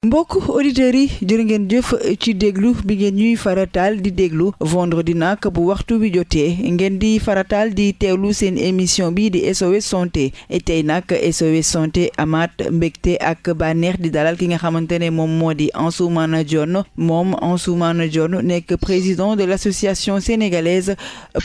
mbokk auditeurs yi jërë ngeen jëf ci déglu bi ngeen ñuy faratal di déglu vendredi nag bu waxtu wi jotee ngeen di faratal di teewlu seen émission bi di SOS santé tey nag SOS santé amaat mbégte ak bànneex di dalal ki nga xamante ne moom moo di Ansoumana Dione moom Ansoumana Dione nekk président de l'association sénégalaise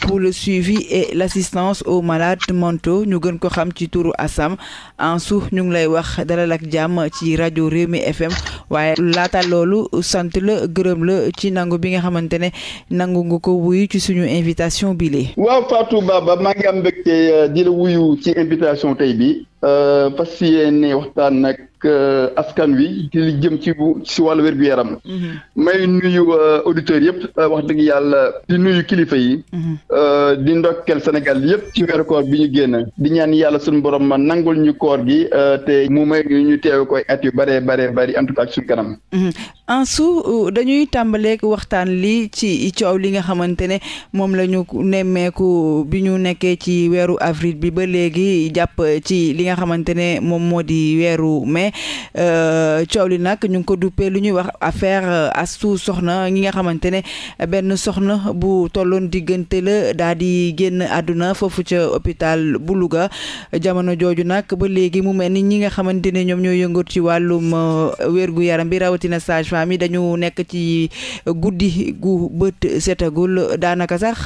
pour le suivi et l'assistance aux malades mentaux ñu gën ko xam ci turu ASSAMM Ansou ñu ngi lay wax dalal ak jàmm ci rajo Rewmi FM waaye laata loolu sant la gërëm la ci nangu bi nga xamante ne nangu nga ko wuyu ci suñu invitation bi lii waaw Fatou Baba maa ngi am mbégte euh, wuyu ci invitation tey bi euh, fas yéene waxtaan nag Euh, askan wi ci li jëm ci bu si wàllu wér-gu-yaram. Mhm. may nuyu euh, auditeurs yëpp euh, wax dëgg yàlla di nuyu kilifa yi. Mhm. di ndokkel Sénégal yëpp ci weeru koor bi ñu génn di ñaan yàlla suñu borom ma nangul ñu koor gi te mu may ñu teew koy at yu bare bare bari en tout cas suñu kanam. en mhm. su dañuy tàmbaleeg waxtaan li ci coow li nga xamante ne moom la ñu nemmeeku bi ñu nekkee ci weeru avril bi ba léegi jàpp ci li nga xamante moom moo di weeru mai Euh, coow li nag ñu ngi ko duppee lu ñuy wax affaire euh, Astou soxna ñi nga xamante ne benn soxna bu tolloon diggante la daa di génn àdduna foofu ca hôpital bu Louga jamono jooju nag ba léegi mu mel ni ñi nga xamante ne ñoom ñoo yëngatu ci wàllum euh, wérgu yaram bi rawatina sage-femme yi dañu nekk ci guddi gu bët setagul daanaka sax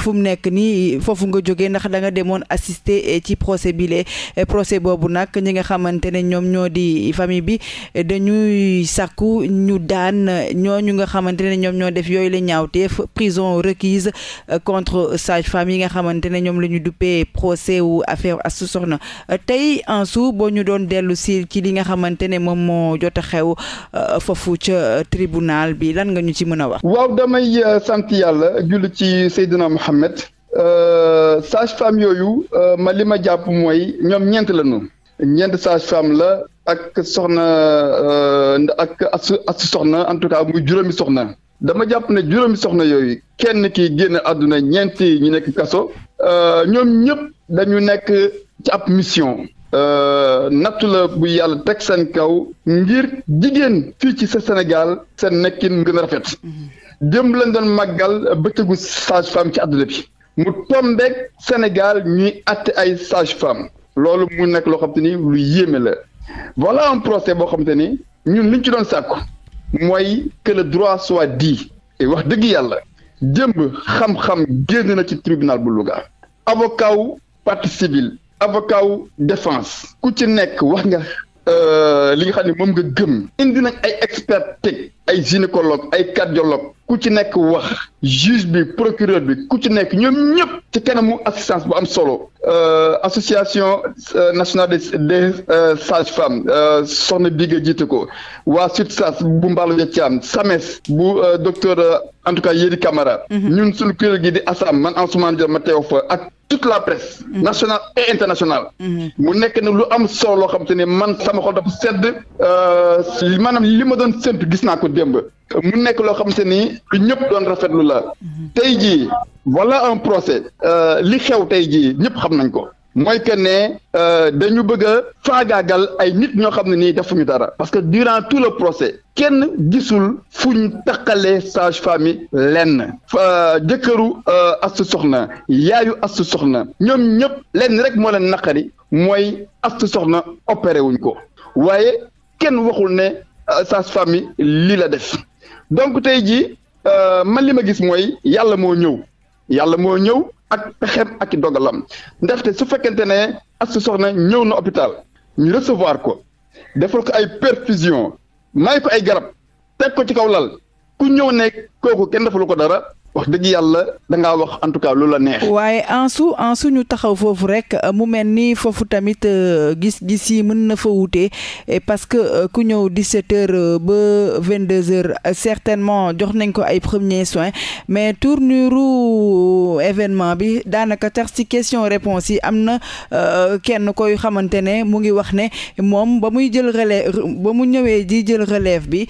fu mu nekk nii foofu nga jóge ndax danga nga demoon assister ci procès bi le procès boobu nag ñi nga xamante ne ñoom ñoo di famille bi dañuy sàkku ñu daan ñooñu nga xamante ne ñoom ñoo def yooyu la ñaawteef prison requise contre sage-femme yi nga xamante ne ñoom la ñu duppee procès wu affaire Astou Sokhna tey en sous boo ñu doon dellu si ci li nga xamante ne moom moo jot a xew euh, foofu ca tribunal bi lan nga ñu ci mën a wax. waaw damay euh, sant yàlla julli ci Seydina Mohamed. Euh, sage-femme yooyu ma li ma jàpp mooy ñoom ñeent lañu ñeent sage-femme la ak soxna euh, ak as soxna en tout cas muy juróomi soxna dama jàpp ne juróomi soxna yooyu kenn ki génn àdduna ñeenti ñu nekk kaso euh, ñoom ñëpp dañu nekk ci ab mission euh, nattu la bu yàlla teg seen kaw ngir jigéen fii ci sa Sénégal seen nekkin gën a rafet démb leen doon màggal bëccëgu sage-femme ci àdduna bi mu tombeek Sénégal ñuy àtte ay sage-femme loolu mu nekk loo xam te ni lu yéeme la voilà un procès boo xam te ni ñun liñ ci doon sàkku mooy que le droit soit di et wax dëgg yàlla démb xam-xam génn na ci tribunal bu Louga avocat wu partie civile avocat wu ku ci nekk wax nga Euh, li nga xam ne moom nga gëm. indi nag ay experts teg ay gynécologue ay cardiologue ku ci nekk wax juge bi procureur bi ku ci nekk ñoom ñëpp ci kanamu assistance bu am solo. Euh, association euh, nationale des des sages femmes soxna Biga jiite ko waa SUTSAS bu Mballo Dia Thiam SAMES bu docteur en tout cas Yéri Camara. Mhm. ñun suñu kuréel gi di ASAM man Ansoumana Dior ma teew fa ak. toute la presse mhm. nationale et internationale mhm. mu nekk ne lu am solo loo xam te ne man sama xol dafa sedd euh, maanaam li ma doon séntu gis naa ko démb mu nekk loo xam te ni lu ñëpp doon rafetlu la mhm. tey jii voilà un procès euh, li xew tey jii ñëpp xam nañ ko mooy que ne euh, dañu bëgg a faagaagal ay nit ñoo xam ne nii defuñu dara parce que durant tout le procès kenn gisul fu fuñ taqalee sage femme yi lenn euh, jëkkëru euh, Astu Soxna yaayu Astu Soxna ñoom ñëpp lenn rek moo leen naqari mooy Astu Soxna opéré wuñ ko waaye kenn waxul ne sage femme lii la def donc tey jii man li ma gis mooy yàlla moo ñëw yàlla moo ñëw. ak pexem ak i dogalam ndaxte su fekkente ne Astou soxna ñëw na hôpital ñu recevoir ko defal ko ay perfusion may ko ay garab teg ko ci kaw lal ku ñëw ne kooku kenn defalu ko dara wax dëgg yàlla dangaa wax en lu la neex. waaye Ansu Ansu ñu taxaw foofu rek euh, mu mel ni foofu tamit euh, gis-gis yi mën na fa wute parce que euh, ku ñëw 17h ba deux h certainement jox nañ ko ay premiers soins mais tournure événement bi daanaka tax ci question réponse yi am na kenn koy xamante mu ngi wax ne moom ba muy jël relève ba mu ñëwee di jël relève bi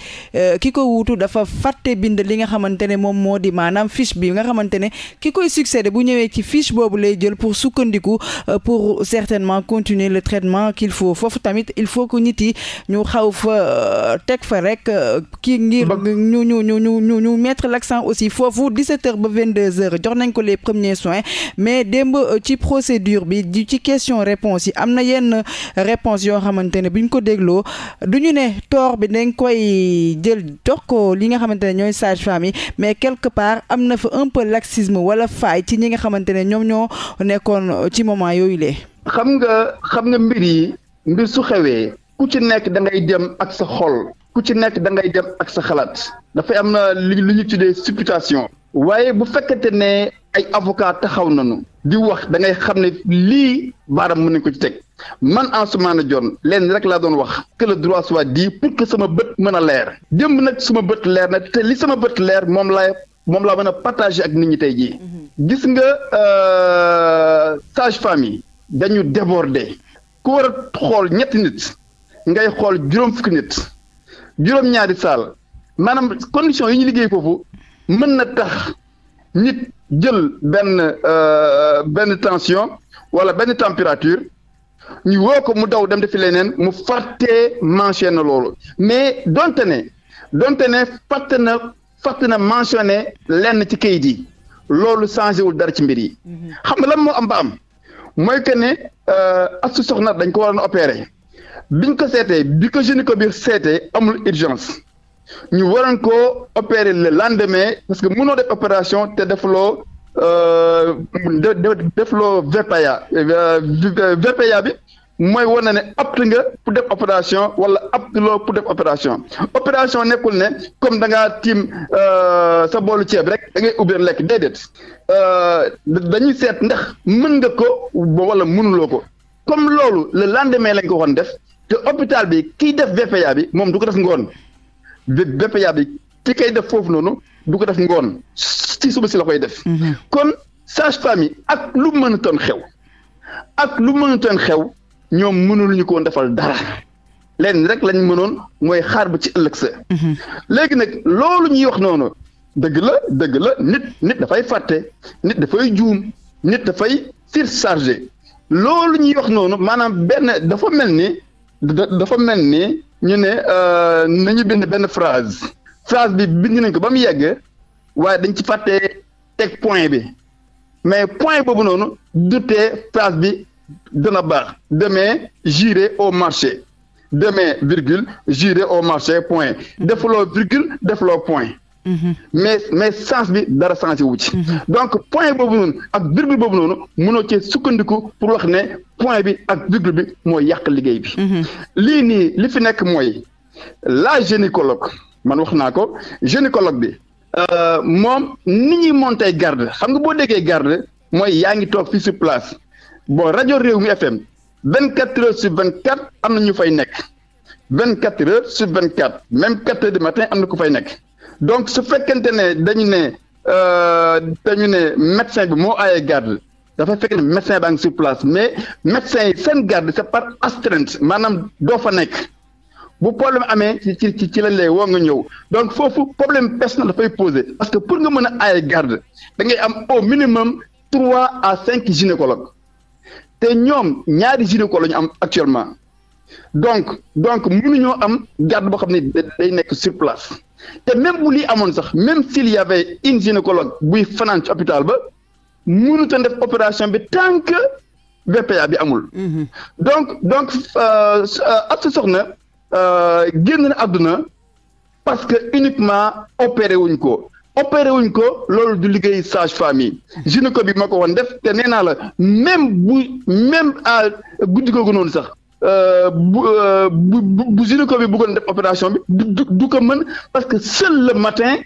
ki ko wuutu dafa fàtte bind li nga xamante moom moo di maanaam. fiche bi nga xamante ne ki koy succéder bu ñëwee ci fiche boobu lay jël pour sukkandiku euh, pour certainement continuer le traitement qu'il faut foofu tamit il faut que nit yi ñu xaw fa euh, teg fa rek euh, ki ngir ñu ñu ñu ñu ñu ñu mettre l'accent aussi foofu 17 heures ba 22 heures jox nañ ko les premier soin mais démb ci procédure bi di ci question réponse yi am na yenn réponse yoo xamante ne buñ ko dégloo du ñu ne toor bi dañ koy jël jox ko li nga xamante na fa un peu laxisme wala faay ci ñi nga xamante ne ñoom ñoo nekkoon ci moment yooyu lee xam nga xam nga mbir yi mbir su xewee ku ci nekk da ngay dem ak sa xol ku ci nekk da ngay dem ak sa xalaat dafay am na li li ñu tuddee supputation waaye bu fekkente ne ay avocat taxaw nañu di wax da ngay xam ne lii baaraam mën nañ ko ci teg man Ansoumana Dione leen rek laa doon wax que le droit soit dit sama bët mën a leer démb nag sama bët leer na te li sama bët leer moom lay moom laa mën a partager ak ni ñi tey jii. Mhm. gis nga euh, sage femme yi dañu déborder ku war a xool ñetti nit ngay xool juróom fukki nit juróom ñaari saal maanaam condition yi ñu liggéey foofu mën na tax nit jël benn euh, benn tension wala benn température. ñu woo ko mu daw dem defi leneen mu fàttee manché na loolu mais donte ne donte ne fàtte na fàtt na mentionné lenn ci kayit yi loolu changé wul dara ci mbir yi. xam nga lan moo am ba am mooy que ne euh, Astou Sokhna dañ ko waroon opéré biñ ko seetee bi ko gynéco bi seetee amul urgence ñu waroon ko opérer le lendemain parce que munoo de opération te defloo euh, defloo VPA euh, VPA bi. mooy wane ne apte nga pour def opération wala apte loo pour def opération opération nekkul ne comme da ngaa tiim euh, sa boolu ceeb rek da ngay ubbeen lekk déedéet euh, dañuy seet ndax mën nga ko wala mënuloo ko comme loolu le lendemain lañ ko waxoon def te hôpital bi kiy def BPA bi moom du ko def ngoon BPA bi ki koy def foofu noonu du ko def ngoon ci suba si la koy def. Mm-hmm. kon sage-femme yi ak lu mënatoon xew ak lu mënatoon xew. ñoom mënul ñu ko defal dara leen rek lañ mënoon mooy xaar ba ci ëllëg sa. Mhm. léegi nag loolu ñuy wax noonu dëgg la dëgg la nit nit dafay fàtte nit dafay juum nit dafay surchargé loolu ñuy wax noonu maanaam benn dafa mel ni dafa mel ni ñu ne euh, nañu bind benn phrase phrase bi bind nañ ko ba mu yegg waaye dañ ci fàtte teg point bi mais point boobu noonu du tee phrase bi. dana baax demain j'irai au marché demain virgule j'irai au marché point defloo virgule defloo point mhm. mais mais sens bi dara sens wu ci mhm. donc point boobu noonu ak virgule boobu noonu mënoo cee sukkandiku pour wax ne point bi ak virgule bi moo yàq liggéey bi mhm. lii nii li fi nekk mooy la gynécologue man wax naa ko gynécologue bi euh, moom ni ñuy monter garde xam nga boo déggee garde mooy yaa ngi toog fii sur place bon rajo réew mi FM vingt quatre heures sur vingt quatre am na ñu fay nekk vingt quatre heures sur vingt quatre même quatre heures matin am na ko fay nekk donc su fekkente ne dañu ne euh, dañu ne médecin bi moo aaye garde dafa fekk ne médecin baa ngi sur place mais médecin yi seen garde c'est par astreinte maanaam doo fa nekk bu problème amee ci ci ci lañ lay woo nga ñëw donc foofu problème personnel dafay poser parce que pour nga mën a aaye garde da ngay am au minimum trois à cinq gynécologues te ñoom ñaari gynéco la ñu am actuellement donc donc mënuñoo am garde boo xam ne day nekk sur place te même bu lii amoon sax même filia y avait une gynécologue buy fanaan ci hôpital ba mënut a def bi tant que bi amul. Mm-hmm. donc donc euh, Astou Sokhna euh, génn na àdduna parce que uniquement opéré wuñ ko. opéré wuñ ko loolu du liggéey sage femme yi gynéco bi ma ko woon def te nee naa la même bu même a guddi googu noonu sax euh, euh, bu bu bu gynéco bi bëggoon def opération bi du du ko mën parce que seul le matin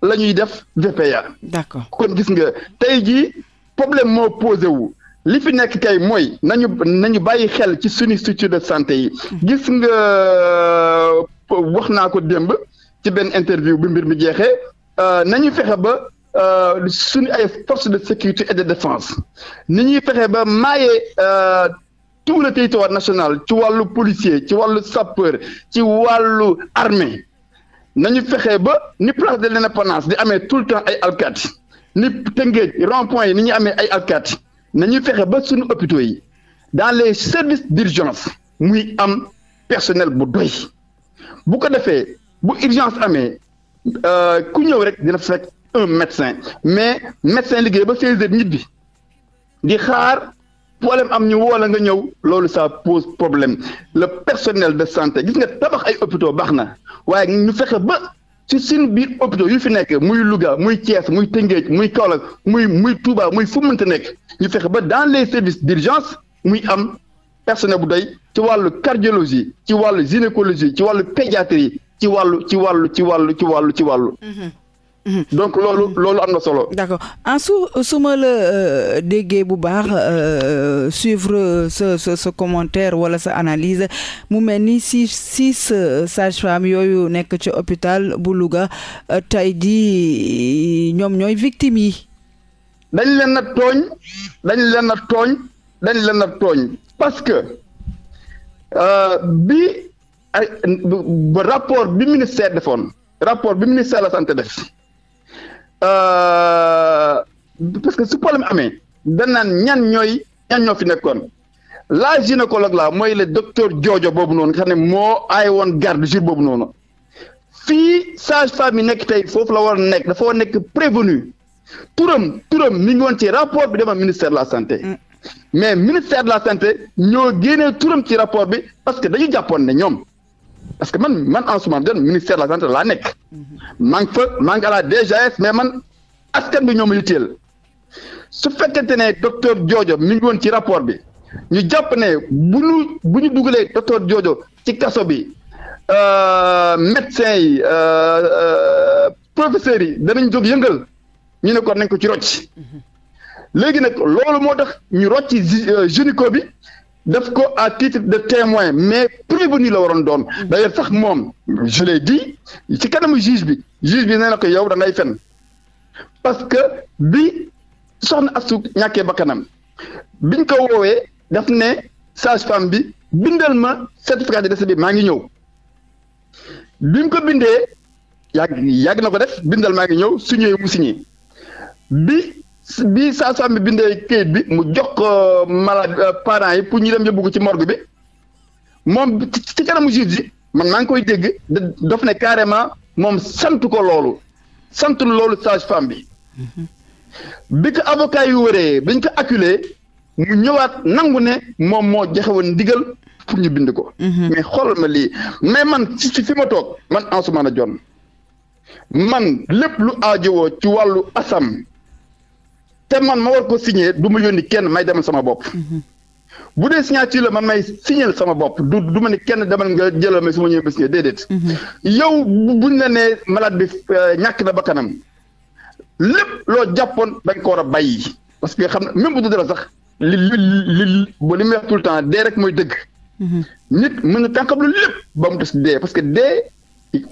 la ñuy def VPA. d'accord kon gis nga tey jii problème moo posé wu. li fi nekk kay mooy nañu nañu bàyyi xel ci suñu structure de santé yi gis nga euh, wax naa ko démb ci benn interview bi mbir mi jeexee Euh, nañu fexe ba euh, suñu ay forces de sécurité et de défense ni ñuy fexe ba maaye euh, tout le territoire nationale ci wàllu policier ci wàllu sapeur ci wàllu armée nañu fexe ba ni place de l'indépendance di amee tout le temps ay alkaati ni Tëngéej rond yi ni ñu amee ay alkaati nañu fexe ba suñu hôpitaux yi dans les services d'urgence muy am personnel bu doy bu ko defee bu urgence amee Euh, ku ñëw rek dina fekk un médecin mais médecin liggéey ba 16 heures ñibbi di xaar problème am ñu woo nga ñëw loolu ça pose problème le personnel de santé gis nga tabax ay hôpitaux baax na waaye ñu fexe ba ci suñu biir hôpitaux yu fi nekk muy Louga muy Thiès muy Tëngéej muy Kaolack muy muy Touba muy fu mënta nekk ñu fexe ba dans les services d'urgence muy am personnel bu doy ci wàllu cardiologie ci wàllu gynécologie ci wàllu pédiatrie ci wàllu ci wàllu ci wàllu ci wàllu ci wàllu. Mm-hmm. Mm-hmm. donc loolu mm-hmm. loolu am na solo. d'accord en su suma ma la euh, déggee bu baax euh, suivre euh, sa sa sa commentaire wala sa analyse mu mel ni six six sages yooyu nekk ci hôpital bu Louga tey di ñoom ñooy victimes yi. dañ leen a tooñ dañ leen a tooñ dañ bi. ay ba rapport bi ministère defoon rapport bi ministère la santé def euh, parce que su problème amee danaan ñan ñooy ñan ñoo fi nekkoon la gynécologue la mooy le docteur Jojo boobu noonu nga xam ne moo aay woon garde jour boobu noonu fii sage-femme yi nekk tey foofu la war nekk dafa war nekk prévenu turam turam ni ngi woon ci rapport bi demoon ministère la santé. Mm. mais ministère de la santé ñoo génnee turam ci rapport bi parce que dañu jàppoon ne ñoom. parce que man man Ansoumana Dione ministère de la santé laa nekk mhm. man ngi fa maa ngi à la DGS mais man askan bi ñoom yitteel su fekkente ne docteur joojo mi woon ci rapport bi ñu jàpp ne bu ñu bu ñu dugalee docteur Diodio ci kaso bi euh, médecin yi euh, euh, professeurs yi danañ jóg yëngal ñu nekkoon kon nañ ko ci rocc mhm. léegi nag loolu moo tax ñu rocc gynéco bi def ko à titre de témoin mais prévenu la waroon doon mm. d'ailleurs sax moom je di dit ci kanamu juge bi juge bi nee na ko yow da ngay fen parce que bi soxna Astou ñàkkee bakkanam biñ ko woowee daf ne sage-femme bi bindal ma certificat de décès bi maa ngi ñëw biñ ko bindee yàgg yàgg na ko def bindal maa ngi ñëw su ñëwee mu signé bi bii saa su am bi bindee kayit bi mu jox ko euh, malade euh, parent yi pour ñu dem yóbbu ko ci morgue bi moom ci kanamu juge yi man maa ngi koy dégg daf ne carrément moom sant ko loolu sant loolu sage-femme bi mm-hmm. bi ko avocat yi wëree biñ ko acculé ñëwaat nangu ne moom moo joxe ndigal pour ñu bind ko. Mm-hmm. mais xool ma lii mais man ci fi ma toog man a Dione man lépp lu aajowoo ci wàllu asam. te man ma war ko signé du ma yónni kenn may demal sama bopp. Mhm. bu dee signature la man may signé sama bopp du du ma ni kenn demal nga jëlal ma su ma ñëwee ba signé déedéet. Mhm. yow buñ la nee malade bi euh, ñàkk na ba kanam lépp loo jàppoon dañ ko war a bàyyi parce que xam ne même bu du dara sax li li li li ba li temps dee rek mooy dëgg. Mhm. nit mën na tànkam lu lépp ba mu des dee parce que dee.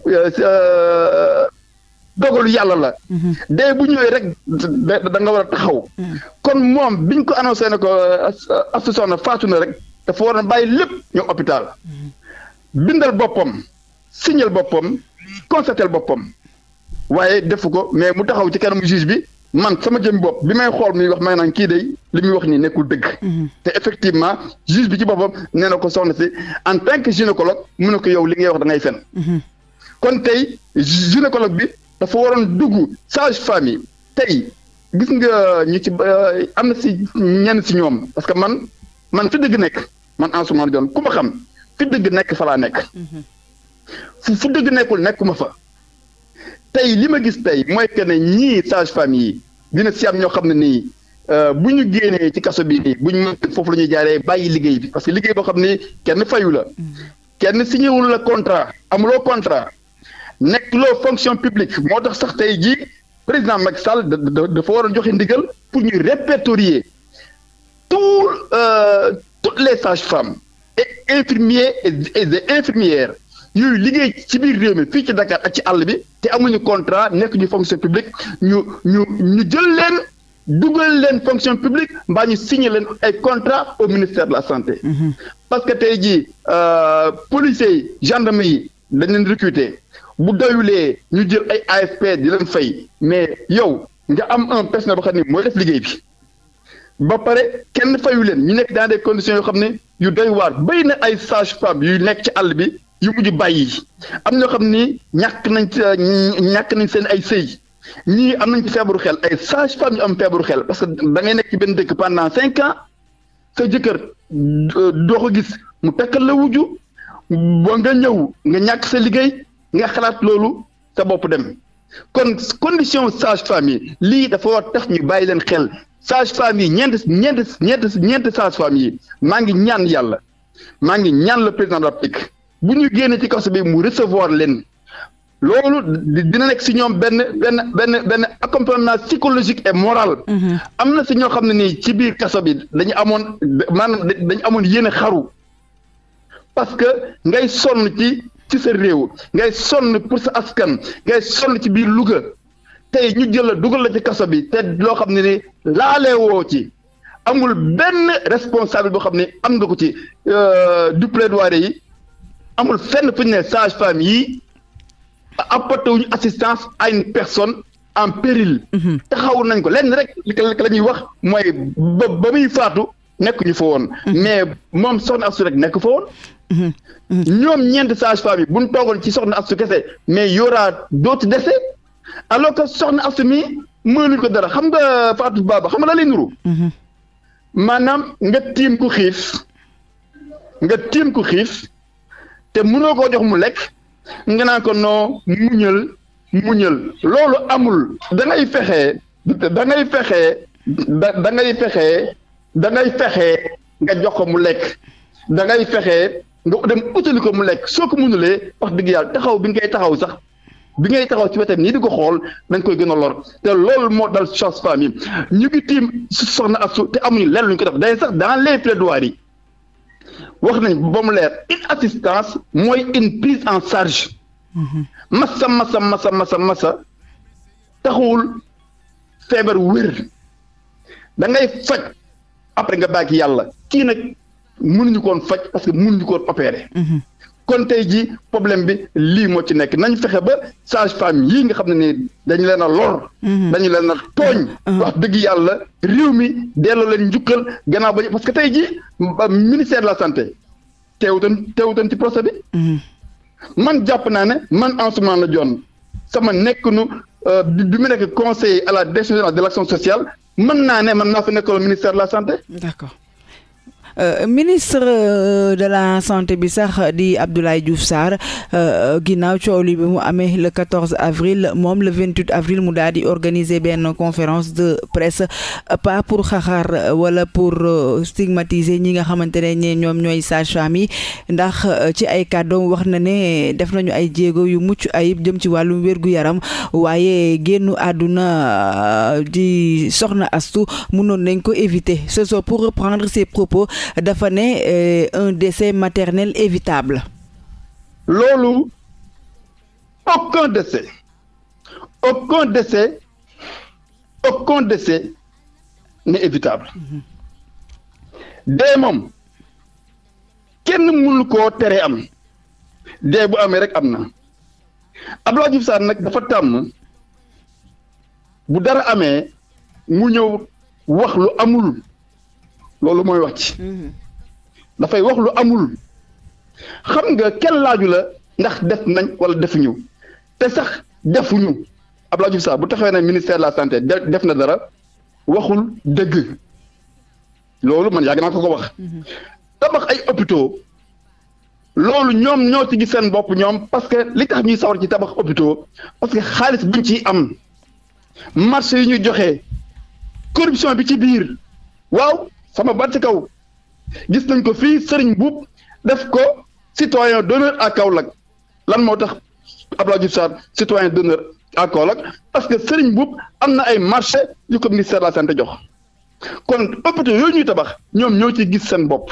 Euh, euh, dogalu yàlla la. Mhm. dee bu ñëwee rek da nga war a taxaw. Mhm. kon moom biñ ko annoncé na ko Astou Sokhna faatu na rek dafa war a bàyyi lépp ñëw hôpital. Mhm. bindal boppam signal boppam constatel boppam waaye defu ko mais mu taxaw ci kanam juge bi man sama jëm bopp bi may xool muy wax may naan kii day li muy wax nii nekkul dëgg. te effectivement juge bi ci boppam nee na ko soxna si en tant que gynécologue mu ne ko yow li ngay wax dangay fen kon tey gynécologue bi. dafa waroon dugg sage femme yi tey gis nga ñu ci euh, am na si ñenn si ñoom parce que man man fi dëgg nekk man Ansoumana Dione ku ma xam fi dëgg nekk fa nekk. Mhm. fu dëgg nekkul nekkuma fa. tey li ma gis tey mooy que ñii sage femme yi dina si am ñoo xam ne nii euh, bu ñu génnee ci kaso bi nii bu ñu mën foofu la ñuy jaaree bàyyi liggéey bi parce que liggéey boo xam ni kenn fayu la. Mhm. kenn si signéwul la contrat amuloo contrat. nekk loo fonction publique moo tax sax tey jii président Macky Sall dafa waroon joxe ndigal pour ñu répertorier tout euh, toutes les sages-femmes et infirmiers et des infirmières yooyu liggéey ci biir réew mi fii ci Dakar ak ci àll bi te amuñu contrat nekk ñu fonction publique ñu ñu ñu jël leen dugal leen fonction publique mbaa ñu signé leen ay contrat au ministère de la santé. Mm-hmm. parce que tey jii euh, policiers yi gendarmes yi dañ leen recruter. bu dayulee ñu jël ay AFP di leen fay mais yow nga am un personnel boo xam ne mooy def liggéey bi ba pare kenn fayu leen ñu nekk dans des conditions yoo xam ne yu doy waar bëri na ay sages-femmes yu nekk ci àll bi yu mujj bàyyi am ñoo xam ni ñàkk nañ euh, ñàkk nañ seen ay sëy ñii am nañ ci xel ay sages-femmes yu am feebaru xel parce que da ngay nekk ci benn dëkk pendant cinq ans sa jëkkër euh, doo ko gis mu tekkal la wujju ba nga ñëw nga ñàkk sa liggéey. nga xalaat loolu sa bopp dem kon condition sage femme yi lii dafa war tax ñu bàyyi leen xel sage femme yi ñeent ñeent ñeent ñeent sage femme yi maa ngi ñaan yàlla maa ngi ñaan le président de bu ñu génnee ci kaso bi mu recevoir leen loolu dina nekk si ñoom benn benn benn benn accompagnement psychologique et moral. Mm-hmm. am na si ñoo xam ne nii ci biir kaso bi dañu amoon maanaam dañu amoon yéene xaru parce que ngay sonn ci. ci sa réew ngay sonn pour sa askan ngay sonn ci biir Louga tey ñu jël la dugal la ci kaso bi te loo xam ne ni laalee woo ci amul benn responsable boo xam ne am nga ko ci euh, du plaidoyer yi amul fenn fu ne sage femme yii apporté wuñu assistance à une personne en péril. Mhm. taxaw nañ ko lenn rek li la ñuy wax mooy ba ba muy faatu nekk fa woon. Mhm. mais moom soxna Astou rek nekk fa woon. ñoom ñeent sage-femme yi bu ñu toogoon ci soxna Astou kese mais yoraa dootu dese alors que soxna Astou mi mënuñ ko dara xam nga Fatou Baba xam nga la lay mhm. maanaam nga tiim ku xiif nga tiim ku xiif te mënoo koo jox mu lekk nga naan ko noo muñal muñal loolu amul da ngay fexe da ngay fexe da da ngay fexe nga jox ko mu lekk da fexe. nga dem utali ko mu lekk soo ko mënulee wax dëgg yàlla taxaw bi ngay taxaw sax bi ngay taxaw ci wetam ñi di ko xool dañ koy gën a lor te loolu moo dal chasse femme yi ñu ngi tiim soxna Astou te amuñu lenn lu ko def day sax dans les plaidoiries wax nañ ba mu leer une assistance mooy une prise en charge. Mm-hmm. massa massa massa massa massa taxawul feebar wér da ngay faj après nga bàyyi yàlla kii nag. mënuñu koon faj parce que mënuñu koon opérer. Mhm. kon tey jii problème bi lii moo ci nekk nañ fexe ba sage-femme yii nga xam ne nii dañu leen a lor. Mhm. dañu leen a tooñ. Mhm. wax dëgg yàlla réew mi delloo leen njukkal gannaaw ba parce que tey jii ministère de la santé teewutoon teewutoon ci procès bi. man jàpp naa ne man Ansoumana Dione sama nekk nu euh, bi mu nekk conseiller à la décision de l'action sociale mën naa ne man naa fa nekkaloon ministère de la santé. d'accord. Euh, ministre euh, de la santé bi sax di Abdoulaye Diouf Sarr euh, ginnaaw coow li bi mu amee le 14 avril moom le 28 avril mu daal di organiser benn conférence de presse pas pour xaxar wala pour stigmatiser ñi nga xamante ne ñoom ñooy sage-femme ndax ci ay kàddoom wax na ne def nañu ay jéego yu mucc ayib jëm ci wàllum wér-gu-yaram waaye génnu àdduna di soxna astu noonu nañ ko éviter ce soit pour reprendre ses propos dafa ne euh, un décès maternel évitable loolu aucun décès aucun décès aucun décès n'est évitable mhm. dee moom kenn mënu koo tere am dee bu amee rek am na Abdoulaye Diouf Sarr nag dafa tàmm bu dara amee mu ñëw wax amul loolu mooy wax ci mm-hmm. dafay wax lu amul xam nga kenn laaju la ndax def nañ wala defuñu te sax defuñu Abdoulaye Diouf sax bu taxawee na ministère de la santé def na dara waxul dëgg loolu man yàgg naa ko ko wax mm-hmm. tabax ay hôpitaux loolu ñoom ñoo ci seen bopp ñoom parce que li tax ñuy sawar ci tabax hôpitaux parce que xaalis buñ ciy am marché yi ñuy joxe corruption bi ci biir waaw sama baat ci kaw gis nañ ko fii Serigne Mboup def ko citoyen d'honneur à Kaolack lan moo tax Abdoulaye Diouf Sarr citoyen d'honneur à Kaolack parce que Serigne Mboup am na ay marché yu ko ministère de la santé jox kon hôpitaux yooyu ñuy tabax ñoom ñoo ci gis seen bopp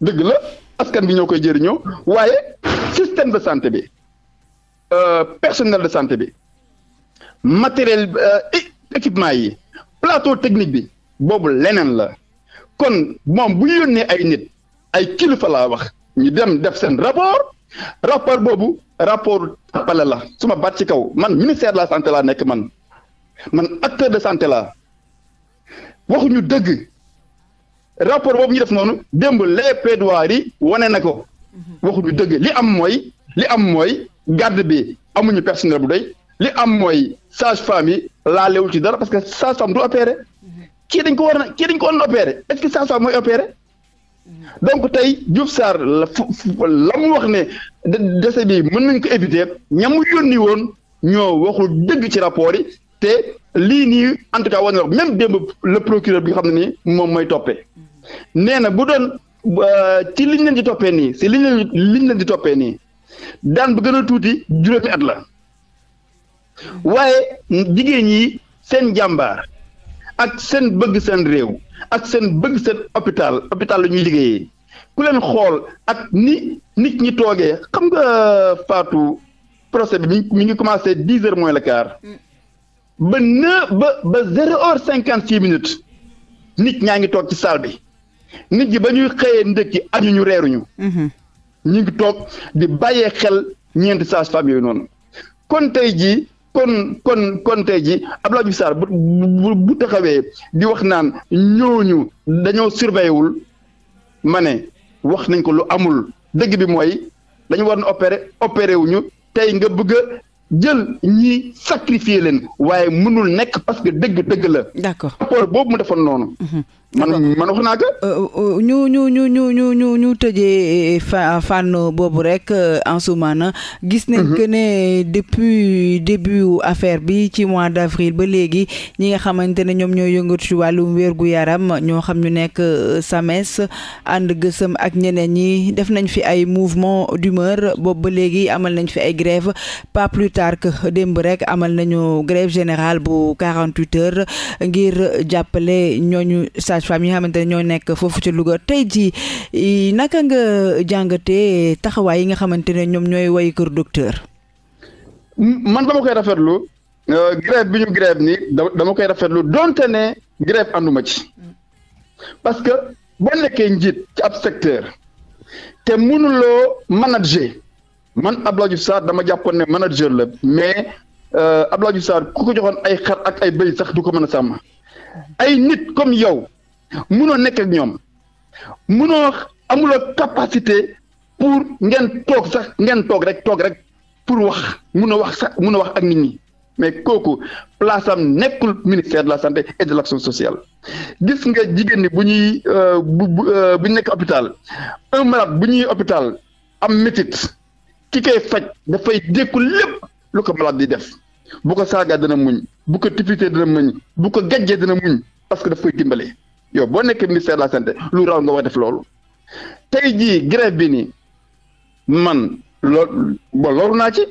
dëgg la askan bi ñoo koy jëriñoo waaye système de santé bi euh, personnel de santé bi matériel euh, équipement yi plateau technique bi boobu leneen la kon moom bu yónnee ay nit ay kilifa laa wax ñu dem def seen rapport rapport boobu rapport tappale la su ma baat ci kaw man ministère de la santé laa nekk man man acteur de santé laa waxuñu dëgg rapport boobu ñu def noonu démb les plaidoiries yi wane na ko waxuñu dëgg li am mooy li am mooy garde bi amuñu personnel bu doy li am mooy sage-femme yi laalewul ci dara parce que sage-femme du opéré kii dañ ko war na kii dañ ko war na opéré est-ce que Sassou mooy opéré donc tey Diouf Sarr la mu wax ne décès bi mën nañ ko éviter ñamu yónni woon ñoo waxul dëgg ci rapport yi te lii nii en tout cas na wax même démb le procureur bi nga xam ne nii moom mooy toppe nee na bu doon euh, ci liñ leen di toppee nii si liñ leen liñ leen di toppee nii daan bu gën a tuuti juróomi at la waaye jigéen ñi seen jàmbaar ak seen bëgg seen réew ak seen bëgg seen hôpital opital la ñuy liggéeyee ku leen xool ak ni nit ñi toogee xam nga Fatou procès bi mi ngi commencé dix heures moins le quart mm. ba neuf ba ba zéro heure cinquante six minutes nit ñaa ngi toog ci salle bi nit ñi ba ñuy xëyee ndëkki ñu reeruñu mm-hmm. ñu ngi toog di bàyyee xel ñeent sage-femme yooyu noonu kon kon kon kon tey ji Abdoulaye Diouf Sarr bu bu taxawee di wax naan ñooñu dañoo surveillé wul ma ne wax nañ ko lu amul dëgg bi mooy dañu war na opéré opéré wuñu tey nga bëgg a jël ñi sacrifier leen waaye mënul nekk parce que dëgg dëgg la. d'accord rapport boobu mu defoon noonu. Mhm. man man wax naa ko. Euh, euh, ñu ñu ñu ñu ñu ñu ñu tëjee euh, fànn boobu rek Ansoumana gis na mhm. que ne depuis début affaire bi ci mois d'avril ba léegi ñi nga xamante ne ñoom ñoo yëngatu ci wàllum wérgu yaram ñoo xam ñu nekk SAMES ànd gësëm ak ñeneen ñi def nañ fi ay mouvement d'humeur boobu ba léegi amal nañ fi ay grève pas plus tard démb rek amal nañu grève général bu 48 heures ngir jàppale ñooñu sage-femme yi nga xamante ne ñoo nekk foofu ci Louga tey jii naka nga jàngatee taxawaay yi nga xamante ne ñoom ñooy way kër dokteur man dama koy rafetlu euh, grève bi ñu grève ni dama koy rafetlu donte ne grève ànduma ci parce que boo nekkee njiit ci ab secteur te mënuloo manager man Abdoulaye Diouf Sarr dama jàppoon ne manager la mais euh, Abdoulaye Diouf Sarr ku ko joxoon ay xar ak ay bëy sax du ko mën a sàmm ay nit comme yow munoo nekk ak ñoom munoo amuloo capacité pour ngeen toog sax ngeen toog rek toog rek pour wax mun a wax sax mun a wax ak nit ñi mais kooku place am nekkul ministère la santé et de l'action sociale gis nga jigéen ñi bu ñuy euh, bu euh, bu ñu nekk hôpital un malade bu ñuy hôpital am métit ki koy faj dafay dékku lépp lu ko malade di def bu ko saagaa dana muñ bu ko tifitee dana muñ bu ko gàjjee dana muñ parce que daf dimbale yow boo nekkee ministère de la santé lu raw nga war def loolu tey jii grève bi nii man lool loolu naa ci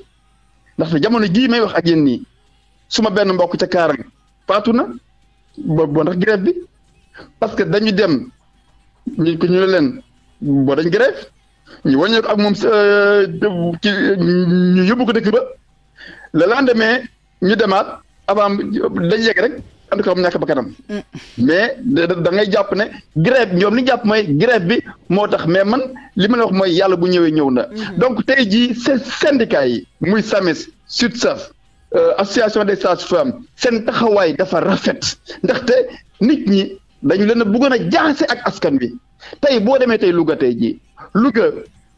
ndaxte jamono jii may wax ak yéen nii suma benn mbokk ca Kaarang faatu na bo bo ndax grève bi parce que dañu dem ñu ko ñu leen boo dañ grève ñu wàññeeku ak moom euh, ci ñu yóbbu ko dëkk ba le lendemain ñu demaat avant dañ yegg rek am na ko xam ñàkk ba kanam mm. mais da ngay jàpp ne grève ñoom li jàpp mooy grève bi moo tax mais man li ma wax mooy yàlla bu ñëwee ñëw na. Mm-hmm. donc tey jii seen syndicat yi muy SAMES SUTSAF euh, association des sages-femmes seen taxawaay dafa rafet ndaxte nit ñi dañu leen a bëggoon a jaase ak askan bi tey boo demee tey Louga tey jii Louga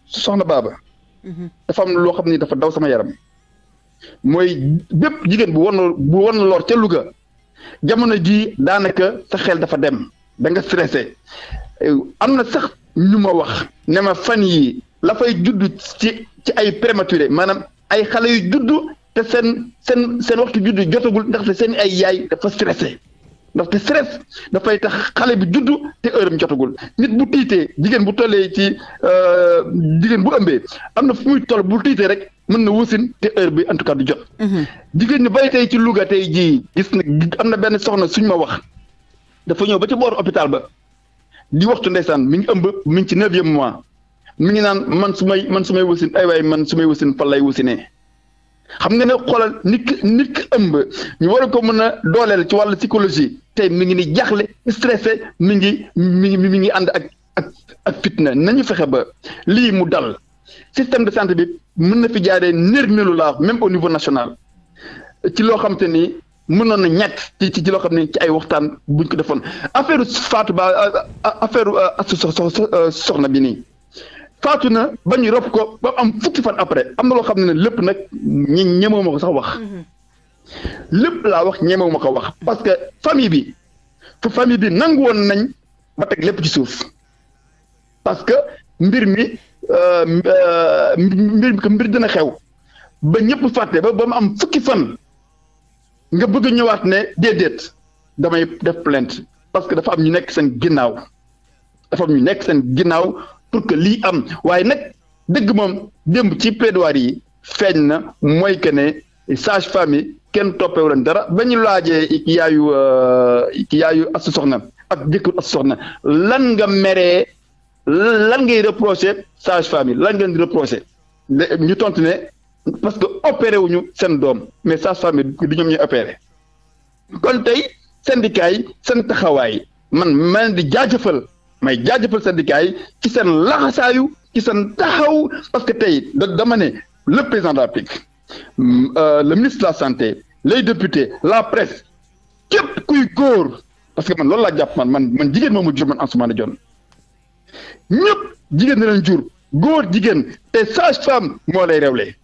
soxna baaba mhm. dafa am loo xam ni dafa daw sama yaram. mooy bépp jigéen bu wan bu wan lor ca Louga jamono jii daanaka sa xel dafa dem danga nga stressé eh, am na sax ñu ma wax ne fan yi la fay judd ci ci ay prématuré maanaam ay xale yu judd te seen seen seen waxtu judd jotagul ndax seen ay yaay dafa stressé. ndaxte stress dafay tax xale bi juddu te heure am jotagul nit bu tiitee jigéen bu tollee ci euh, jigéen bu ëmbee am na fu muy toll bu tiitee rek mën na wusin te heure bi en tout cas du jot. Mhm. jigéen ñu bari tey ci Louga tey jii gis na am na benn soxna suñ ma wax dafa ñëw ba ci boor hôpital ba di waxtu ndeysaan mi ngi ëmb mi ngi ci neuvième mois mi ngi naan man su may man su may wusin ay waay man su may wusin fan lay wusinee. xam nga ne xoolal nit ki nit ëmb ñu war ko mën a dooleel ci wàllu psychologie tey mi ngi ni jaaxle stressé mi ngi mi ngi mi ngi ànd ak ak ak fitna nañu fexe ba lii mu dal système de santé bi mun na fi jaaree nërmelu laa même au niveau national ci loo xam te ni mënoon na ñàkk ci ci loo xam ne ci ay waxtaan buñ ko defoon affaire Fatou Ba euh, euh, affaire euh, soxna bi nii. faatu na ba ñu rob ko ba am fukki fan après am na loo xam ne lépp nag ñi ñemewu ma ko sax wax mhm. lépp laa wax ñemewu ma ko wax parce que famille bi fu famille bi nangu woon nañ ba teg lépp ci suuf parce que mbir mi euh, euh, mbir mi mbir dina xew ba ñëpp fàtte ba ba mu am fukki fan nga bëgg ñëwaat ne déedéet damay def plainte parce que dafa am ñu nekk seen ginnaaw dafa am ñu nekk seen ginnaaw pour que lii am waaye nag dëgg moom démb ci plaidoirie yi feeñ na mooy que ne sage-femme yi kenn toppewu leen dara ba ñu laajee ki yaayu ki euh, yaayu asu ak jëkkër asu soxna lan nga meree lan ngay reproché sage-femme lan ngeen di reproché ñu tontu ne parce que opéré wuñu seen doom mais sage-femme yi du ñoom ñu opéré kon tey syndicat yi seen taxawaay man man di jaajëfal. may jaajëfal syndicat yi ci seen laxasaayu ci seen taxaw parce que tey da dama ne président de la République euh, le ministre de la santé les députés la presse képp kuy góor parce que man loolu laa jàpp man man jigéen moom jur man Ansoumana Dione ñëpp jigéen dina leen jur góor jigéen te sage femme moo lay rewle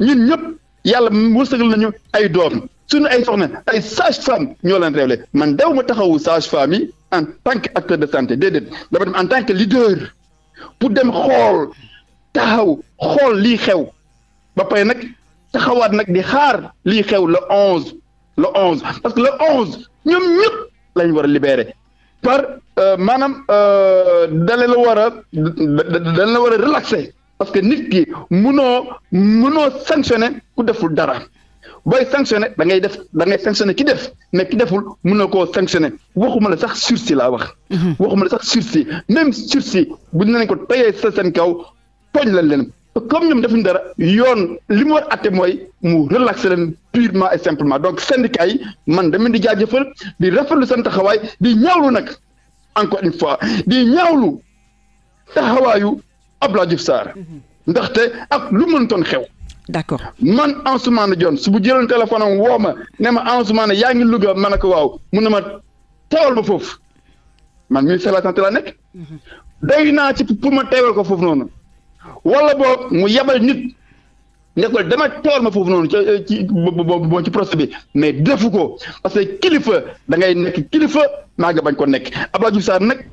ñun ñëpp yàlla wërsëgal nañu ay doom suñu ay soxna ay sage femme ñoo leen révélé man daw ma taxawu sage femme yi en tant que acteur de santé déedéet dama dem en tant que leader pour dem xool taxaw xool lii xew ba pare nag taxawaat nag di xaar lii xew le onze le onze parce que le onze ñoom ñëpp lañ war a libéré par euh, maanaam euh, dalee la war a dalee la war a relaxé parce que nit ki munoo munoo sanctionné ku deful dara booy sanctionné da ngay def dangay ngay ki def mais ki deful mën na koo sanctionné waxuma la sax sursis laa wax. Mhm. waxuma la sax sursis même sursis buñ leen ko tayee sa seen kaw tooñ lañ leen comme ñoom defuñ dara yoon li mu war atte mooy mu relaxé leen purement et simplement donc syndicat yi man dama di jaajëfal di rafetlu seen taxawaay di ñaawlu nag encore une fois di ñaawlu taxawaayu abla Diouf Sarr. Mhm. ndaxte ak lu mëntoon xew. d'accord man Ansoumana Dione su bu jëloon téléphone am woo ma ne ma Ansoumana yaa ngi Louga ma ne ko waaw mun na ma teewal ma foofu man ministère de naa ci ma teewal ko foofu noonu. wala boo mu yebal nit ne ko dama teewal ma foofu noonu eh, ci bon ci procès bi mais defu ko parce que kilifa dangay nekk kilifa maa nga bañ ko nekk Abdoulaye Diouf Sarr nag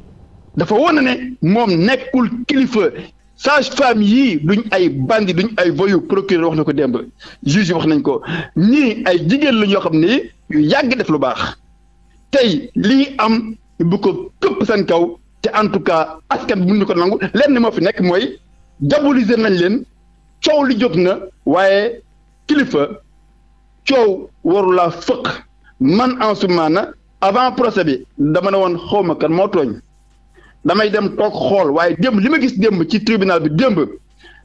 dafa wane ne moom nekkul kilifa sage-femme yii duñ ay bandi duñ ay voyou procureur wax na ko demb juge wax nañ ko ñii ay jigéen la ñoo xam ne yu yàgg def lu baax tey lii am bu ko këpp seen kaw te en tout cas askan bi mënuñu ko nangu lenn moo fi nekk mooy diaboliser nañ leen coow li jot na waaye kilifa coow warula fëq man en sumaana avant procès bi dama ne woon xawma kan moo tooñ damay dem toog xool waaye démb li ma gis démb ci tribunal bi démb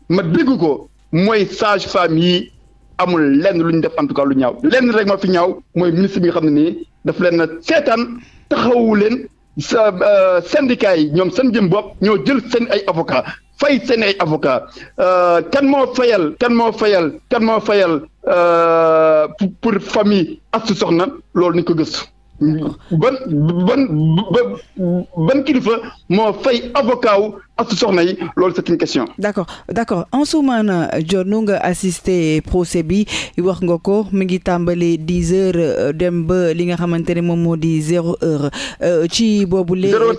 ma dégg ko mooy sage-femme yi amul lenn lu ñu def en lu ñaaw lenn rek ma fi ñaaw mooy ministre bi nga xam ne nii dafa leen na seetaan taxawu leen sa euh, syndicat yi ñoom seen jëm bopp ñoo jël seen ay avocat fay seen ay avocat euh, kenn moo fayal kenn moo fayal kenn moo fayal euh, pour famille Astou Sokhna loolu ni ko gëstu ban ban ban kilifa moo fay avocat wu asu soxna yi loolu c'est une question. d'accord d'accord Ansoumana Dione nga assisté procès bi wax nga ko mu ngi tàmbali dix heures euh, dem ba li nga xamante ne moom moo di zéro heure euh, ci boobu les. zéro heure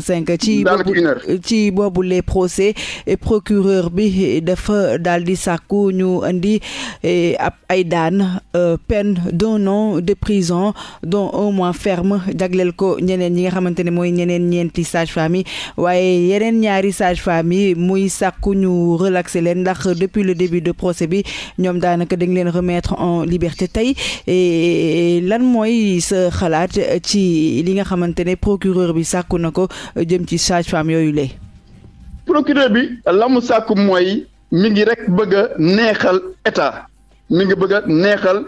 cinq zéro boobu les procès procureur bi defa daal di sàkku ñu indi eh, ab ay daan euh, peine d'un an de prison. dont un mois ferme jagleel ko ñeneen ñi nga xamante ne mooy ñeneen ñeenti sages-femmes yi waaye yeneen ñaari sages-femmes yi muy sàkku ñu relaxé leen ndax depuis le début de procès bi ñoom daanaka dañ leen remettre en liberté tey lan mooy sa xalaat ci li nga xamante ne procureur bi sàkku na ko jëm ci sages femme yooyu lee procureur bi la mu sàkku mooy mi ngi rek bëgg a neexal état mi ngi bëgg a neexal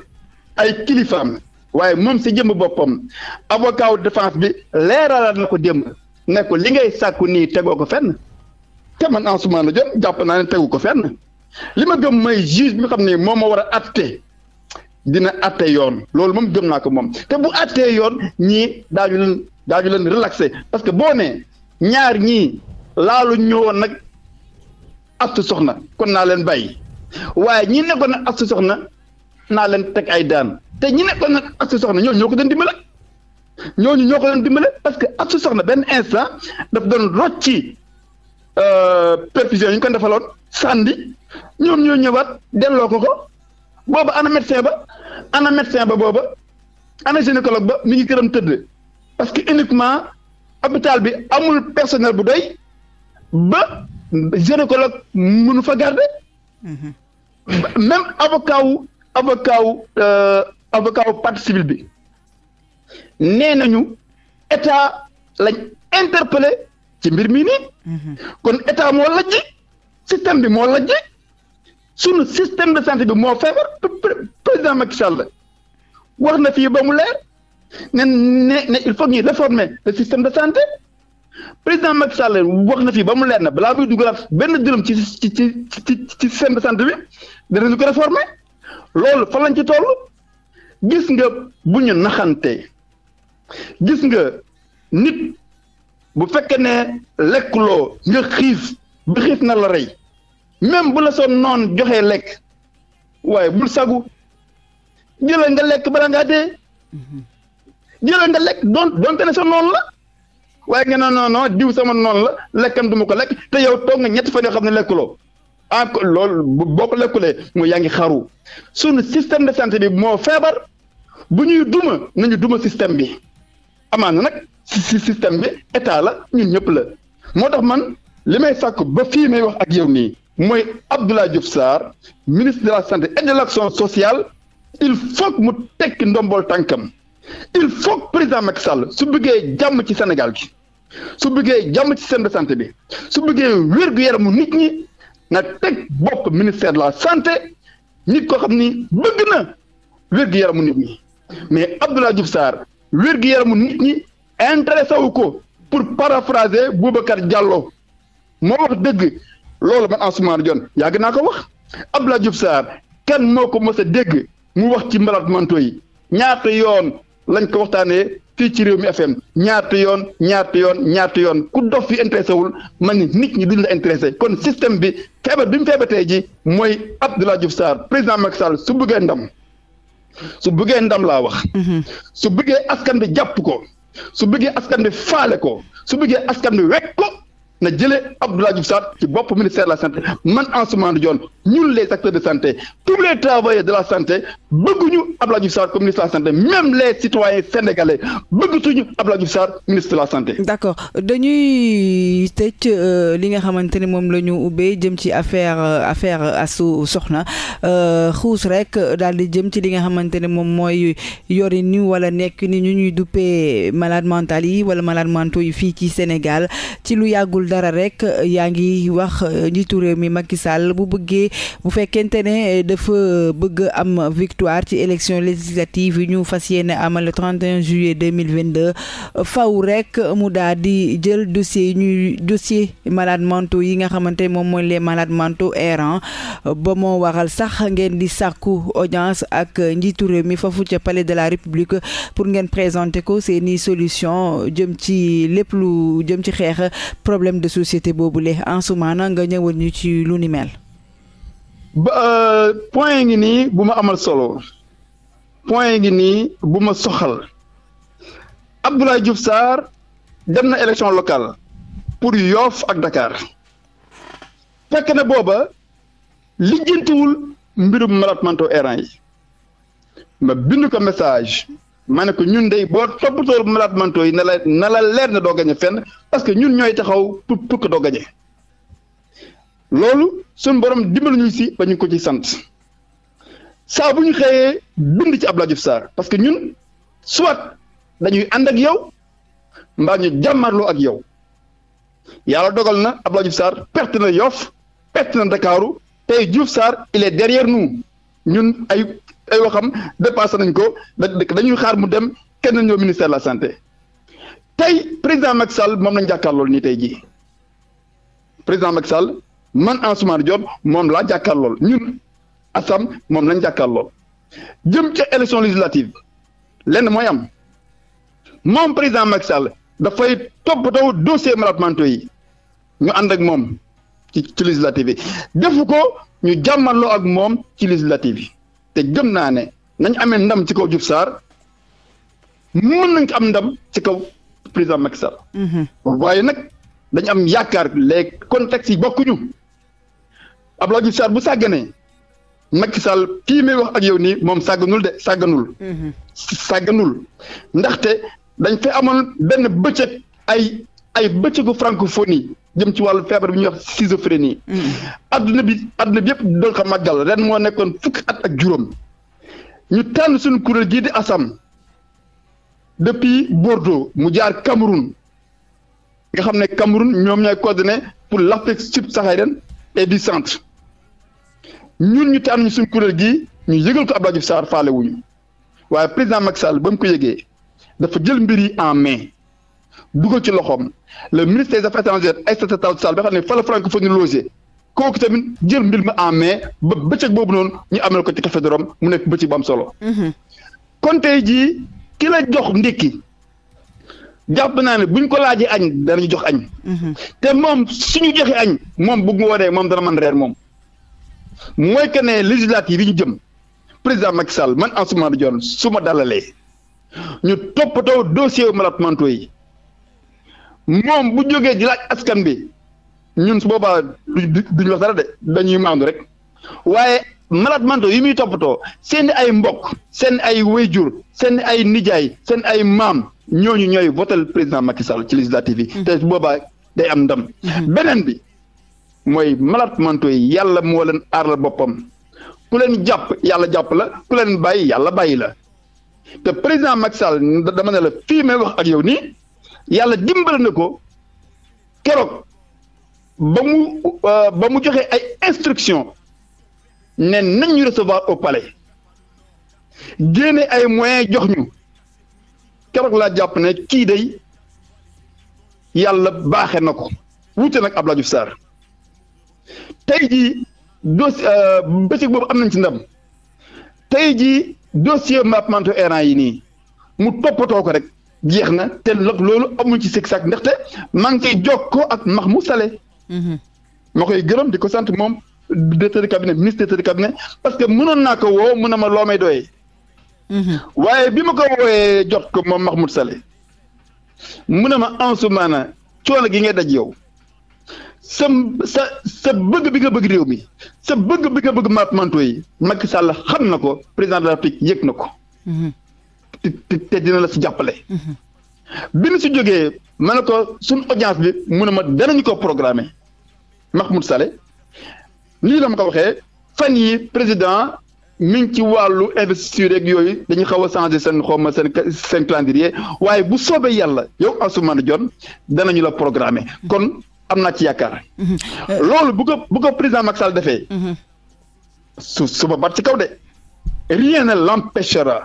ay kilifaam waaye moom si jëmm boppam avocat wu défense bi leeralal na ko démb ne li ngay sàkku nii tegoo ko fenn te man Ansoumana Dione jàpp naa ne tegu ko fenn li ma gëm may juge bi xam ne moom moo war a atte dina atte yoon loolu moom gëm naa ko moom te bu attee yoon ñii daañu leen daañu leen relaxé parce que boo nee ñaar ñii laalu ñëwoon nag astu soxna kon naa leen bàyyi waaye ñii nekkoon nag astu soxna. naa leen teg ay daan te ñi nekkoon nag Astou Sokhna ñooñu ñoo ko doon dimbale ñooñu ñoo ko doon dimbale parce que Astou Sokhna benn instant daf doon rocci euh, perfusion yi ñu ko defaloon sànni ñoom ñoo ñëwaat delloo ko ko booba ana médecin ba ana médecin ba booba ana gynécologue ba mu ngi këram tëdd parce que uniquement hôpital bi amul personnel bu doy ba gynécologue mënu fa garder mm-hmm. même avocat avocat wu euh, avocat wu partie civile bi nee nañu état lañ interpellé ci mbir mii nii. Mhm. kon état moo lajji système bi moo lajji sunu système de santé bi moo feebar président Macky Sall wax na fii ba mu leer ne ne il faut ñuy réformer le système de santé président Macky Sall wax na fii ba mu leer na balaa muy dugalaat benn dërëm ci ci ci ci système de santé bi danañu ko réformer. loolu fa lañ ci toll gis nga bu ñu naxantee gis nga nit bu fekkee ne lekkuloo nga xiif bi xiif na la rey même bu la soo noon joxee lekk waaye bul sagu jëlal nga lekk bala ngaa dee jëlal nga lekk doon doonte ne sa noonu la waaye nga ne non diw sama noon la lekkam du ma ko lekk te yow toog nga ñetti fan yoo xam ne lekkuloo encore ah, loolu boo ko lekkulee mooy yaa ngi xaru suñu système de santé bi moo feebar bu ñuy duma nañu duma système bi amaana nag si système bi état la ñun ñëpp la moo tax man li may sàkk ba fii may wax ak yow nii mooy Abdoulaye Diouf Sarr ministre de la santé et de l'action sociale il faut mu tekki ndombol tànkam il faut président Macky Sall su bëggee jàmm ci Sénégal bi su buggee jàmm ci système de santé bi su buggee wér gu yaramu nit ñi. na teg bopp ministère de la santé nit ko xam ni bëgg na wér-gu-yaramu nit ñi mais Abdoulaye Diouf Sarr wér-gu-yaramu nit ñi intéressé wu ko pour paraphraser Boubacar Diallo moo wax dégg loolu man Ansoumana Dione yàgg naa ko wax Abdoulaye Diouf Sarr kenn moo ko mës a dégg mu wax ci malades mentaux yi ñaata yoon lañ ko waxtaanee fii ci réew mi FM ñaata yoon ñaata yoon ñaata yoon ku dof fi intéressé wul man nit ñi duñ la intéressé kon système bi feebar bi mu feebar tey ji mooy Abdoulaye Diouf Sarr président Macky Sall su bëggee ndam su bëggee ndam laa wax. Mhm. su bëggee askan bi jàpp ko su bëggee askan bi faale ko su bëggee askan bi wekk ko na jële Abdoulaye Diouf Sarr ci bopp ministère la santé man Ansoumana joon ñun lee acteurs de santé tous les travailleurs de la santé bëgguñu Abdoulaye Diouf Sarr comme ministre la santé même les citoyens sénégalais bëggatuñu Abdoulaye Diouf Sarr ministre la santé. d' accord dañuy tëj euh, li nga xamante ne moom lañu ñu ubbee jëm ci affaire euh, affaire asu soxna euh, xuus rek daal di jëm ci li nga xamante ne moom mooy yori ni wala nekk ni ñu ñuy duppee malade mental yi wala malade mentaux yi fii ci Sénégal ci lu yàggul dara rek yaa ngi wax njiitu réew mi Macky Sall bu bëggee bu fekkente ne dafa bëgg am victoire. victoire ci élection législative yi ñu fas yéene amal le 31 juillet 2022 faw rek mu daal di jël dossier yi ñuy dossier malades mentaux yi nga xamante moom mooy les malades mentaux errants ba moo waral sax ngeen di sàkku audience ak njiitu réew mi foofu ca palais de la république pour ngeen présenter ko seeni solution jëm ci lép lu jëm ci xeex problème de société boobule en sumaana nga ñëwal ñu ci lu ni mel ba euh, point ngi nii bu ma amal solo point ngi nii bu ma soxal Abdoulaye Diouf Sarr dem na élection locale pour Yoff ak Dakar fekk na booba lijjantiwul mbirum malade mentaux errant yi ma bind ko message ma ne ko ñun day boo toppatoo malade mentaux yi na la na leer na doo gañe fenn parce que ñun ñooy taxaw pour pour que doo gañe loolu suñ borom dimbali si ba ñu ko ci sant saa bu ñu xëyee dund ci Abdoulaye Diouf saar parce que ñun soit dañuy ànd ak yow mbaa ñu jàmmarloo ak yow yàlla dogal na Abdoulaye Diouf Sarr perte na Yoff perte na Ndakaaru tey Diouf Sarr il est derrière ñun ay ay waxam dépassé nañ ko dañuy xaar mu dem kenn ñoo ministère la santé tey président Macky Sall moom lañ jàkkaarloo nii tey jii président Macky man Ansoumana Dione moom laa jàkkaar lool ñun asam moom lañ jàkkaar jëm ca élection législative lenn mooy am moom président Macky Sall dafay toppatoo dossier malades mentaux yi ñu ànd ak moom ci ci législative yi defu ko ñu jàmmaloo ak moom ci législative te gëm naa ne nañ amee ndam ci kaw Diouf saar mën nañ ko am ndam ci kaw président Macky Sall mhm. waaye nag dañ am yaakaar les contextes yi bokkuñu Abdoulaye Diouf Sarr bu sàgganee Macky Sall fii may wax ak yow nii moom sàgganul de sàgganul. Mhm. sàgganul ndaxte dañ fee amoon benn bëccëg ay ay bëccëgu francophonie jëm ci wàllu feebar bi ñuy wax schizophrénie. Mhm. adduna bi adduna bi yëpp doon ko màggal ren moo nekkoon fukki at ak juróom ñu tànn suñu kuréel gii di ASAM depuis Bordeaux mu jaar Cameroun. nga xam ne Cameroun ñoom ñooy coordonné pour l'Afrique subsaharienne et du centre ñun ñu tànn suñ kuréel gii ñu yëgal ko Abdoulaye Diouf Sarr faale wuñu waaye président Macky Sall ba mu ko yégee dafa jël mbir yi en main dugal ci loxoom le ministre des affaires étrangères Aïssata Tall Sall ba xam ne fa la francophonie logé kooku tamit jël mbir ma en main ba bëccëg boobu noonu ñu amal ko ci Café de mu nekk bëccëg bu am solo. Mm-hmm. kon tey jii ki la jox ndékki jàpp naa ne buñ ko laajee añ danañu jox añ. Mm-hmm. te moom suñu joxe añ moom bu mu wootee moom dana mën reer moom. mooy que ne législative yi ñu jëm président Macky Sall man Ansoumana Dione su ma dalalee ñu toppatoo dossier yu malades mentaux moom bu jógee di askan bi ñun su boobaa duñ wax dara de dañuy maandu rek waaye malades mentaux yi muy toppatoo seen ay mbokk seen ay wayjur seen ay nijaay seen ay maam ñooñu ñooy votel président Macky Sall ci législative yi. Mm-hmm. te boobaa day am ndam. Mm-hmm. beneen bi. mooy malade mentaux yàlla moo leen aaral boppam ku leen jàpp yàlla jàpp la ku leen bàyyi yàlla bàyyi la te président Macky Sall dama ne la fii may wax ak yow nii yàlla dimbali na ko keroog ba mu euh, ba mu joxe ay instructions ne nañ ñu recevoir au palais génne ay moyen jox ñu keroog laa jàpp ne kii day yàlla baaxe na ko wuute nag Abdoulaye Diouf Sarr tey jii dossier euh, bëccëg boobu am nañ ci ndam tey jii dossier mappement errant yi nii mu toppatoo ko rek jeex na te loolu amul ci sikk sàkk ndaxte maa ngi koy jokkoo ak Mahmoud Saleh. Mhm. ma koy gërëm di ko sant moom directeur de cabinet ministre directeur parce que mënoon naa ko woo mu ma loo may mhm. waaye bi ma ko wooyee jot ko moom Mahmoud Saleh mu ne ma en na moment coono gi ngay daj yow. sa sa sa bëgg bi nga bëgg réew mi sa bëgg bi nga bëgg maat manto yi Macky Sall xam na ko président de la yëg na ko. Mhm. te te dina la si jàppale. Mhm. bi nu si jógee ma ne ko suñ audience bi mu ne ma danañu ko programmer Mahmoud Saleh lii la ma ko waxee fan yi président mi ci wàllu investiture ak yooyu dañu xaw a changé seen xaw ma seen seen calendrier waaye bu soobee yàlla yow Ansoumana Dione danañu la programmé mhm. kon. am naa ci yaakaar. Mhm. Euh, loolu bu ko bu ko président Macky defee. Mhm. su suba bat ci kaw de. rien ne l'empêchera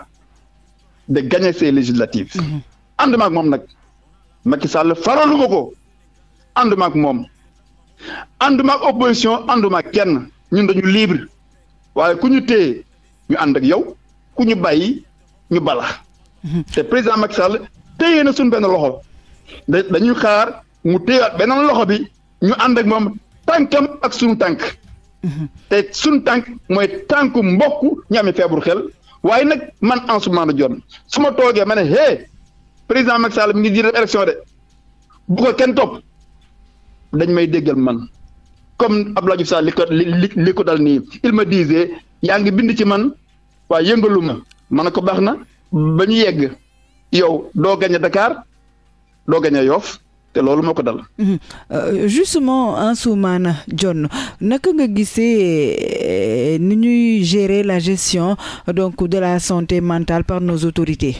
de gagner ces législatives. Mhm. ànd maak moom nag Macky fara faralu ma ko ànd moom ànd maak opposition ànd maak kenn ñun dañu libre waaye ku ñu téye ñu ànd ak yow ku ñu bàyyi ñu bala te président Macky Sall téye na suñ benn loxo dañuy xaar. mu téyaat beneen loxo bi ñu ànd moom tànkam ak suñu tànk te suñu tànk mooy tànku mbokk ñu amee xel waaye nag man Ansoumana Dione su ma toogee ma ne hé président Macky Sall mi ngi jiite élection de bu ko kenn topp dañ may déggal man comme Abdoulaye Diouf Sall li li li dal nii il me disait yaa ngi bind ci man waa yëngalu ma ma ne ko baax na ba ñu yegg yow doo gañe Dakar doo gañe Yoff te loolu moo ko dal. Mhm. Euh, justement Ansoumana Dione naka nga gisee euh, ni ñuy gérer la gestion donc de la santé mentale par nos autorités.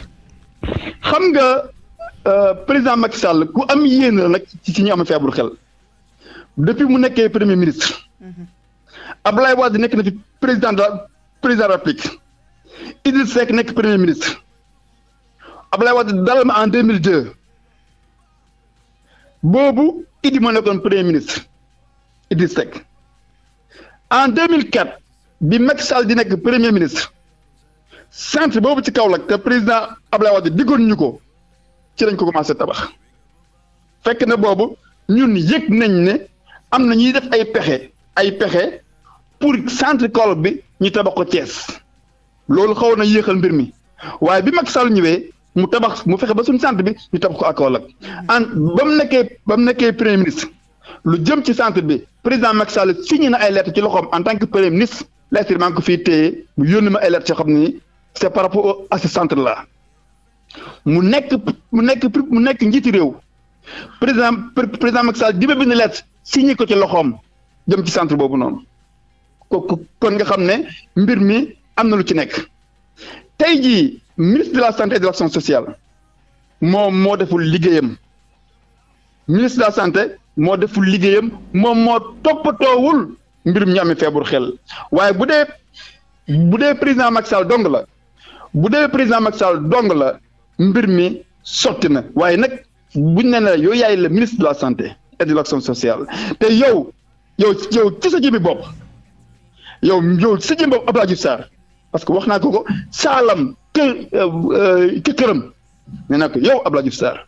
xam nga euh, président Macky Sall ku am yéen la nag ci ñu am feebaru kel depuis mu nekkee premier ministre. Mhm. Abdoulaye Wade nekk na président de la président de la République Idriss Seck nekk premier ministre Abdoulaye Wade dalal ma en boobu Idi ma nekkoon premier ministre Idriss Seck en 2004 bi mag Sall di nekk premier ministre sentre boobu ci Kaolack te président Abdoulaye Wade diggoon ñu ko ci lañ ko commencé tabax fekk na boobu ñun yëg nañ ne am na ñuy def ay pexe ay pexe pour centre Kaolack bi ñu tabax ko Thiès loolu xaw na yéexal mbir mi waaye bi Macky Sall ñëwee. mu tabax mu fexe ba suñu centre bi ñu tabax ko ak Kaolack en ba mu nekkee ba mu nekkee premier ministre lu jëm ci centre bi président Macky Sall signé na ay lettres ci loxoom en tan que premier ministre lettre maa ngi ko fii téye mu yónni ma ay lettres yoo xam ni c'est par rapport à mu nekk mu nekk mu nekk njiiti réew président président Macky Sall di ba bind lettre ko ci loxoom jëm ci centre boobu noonu ko kon nga xam ne mbir mi am na lu ci nekk tey jii ministre de la santé et de l'action sociale moom moo deful liggéeyam ministre de la santé moo deful liggéeyam moom moo toppatoowul mbirum ñu amee feebar xel waaye bu dee bu dee président Macky dong la bu dee président Macky dong la mbir mi sotti na waaye nag buñ ne ne yow yaay ministre de la santé et de l'action sociale te yow yow yow ci sa jëmmi bopp yow yow ci sa jëmmi bopp Abdoulaye Diouf parce que wax naa ko ko saalam kë ci euh, këram nee yow Abdoulaye Diouf Sarr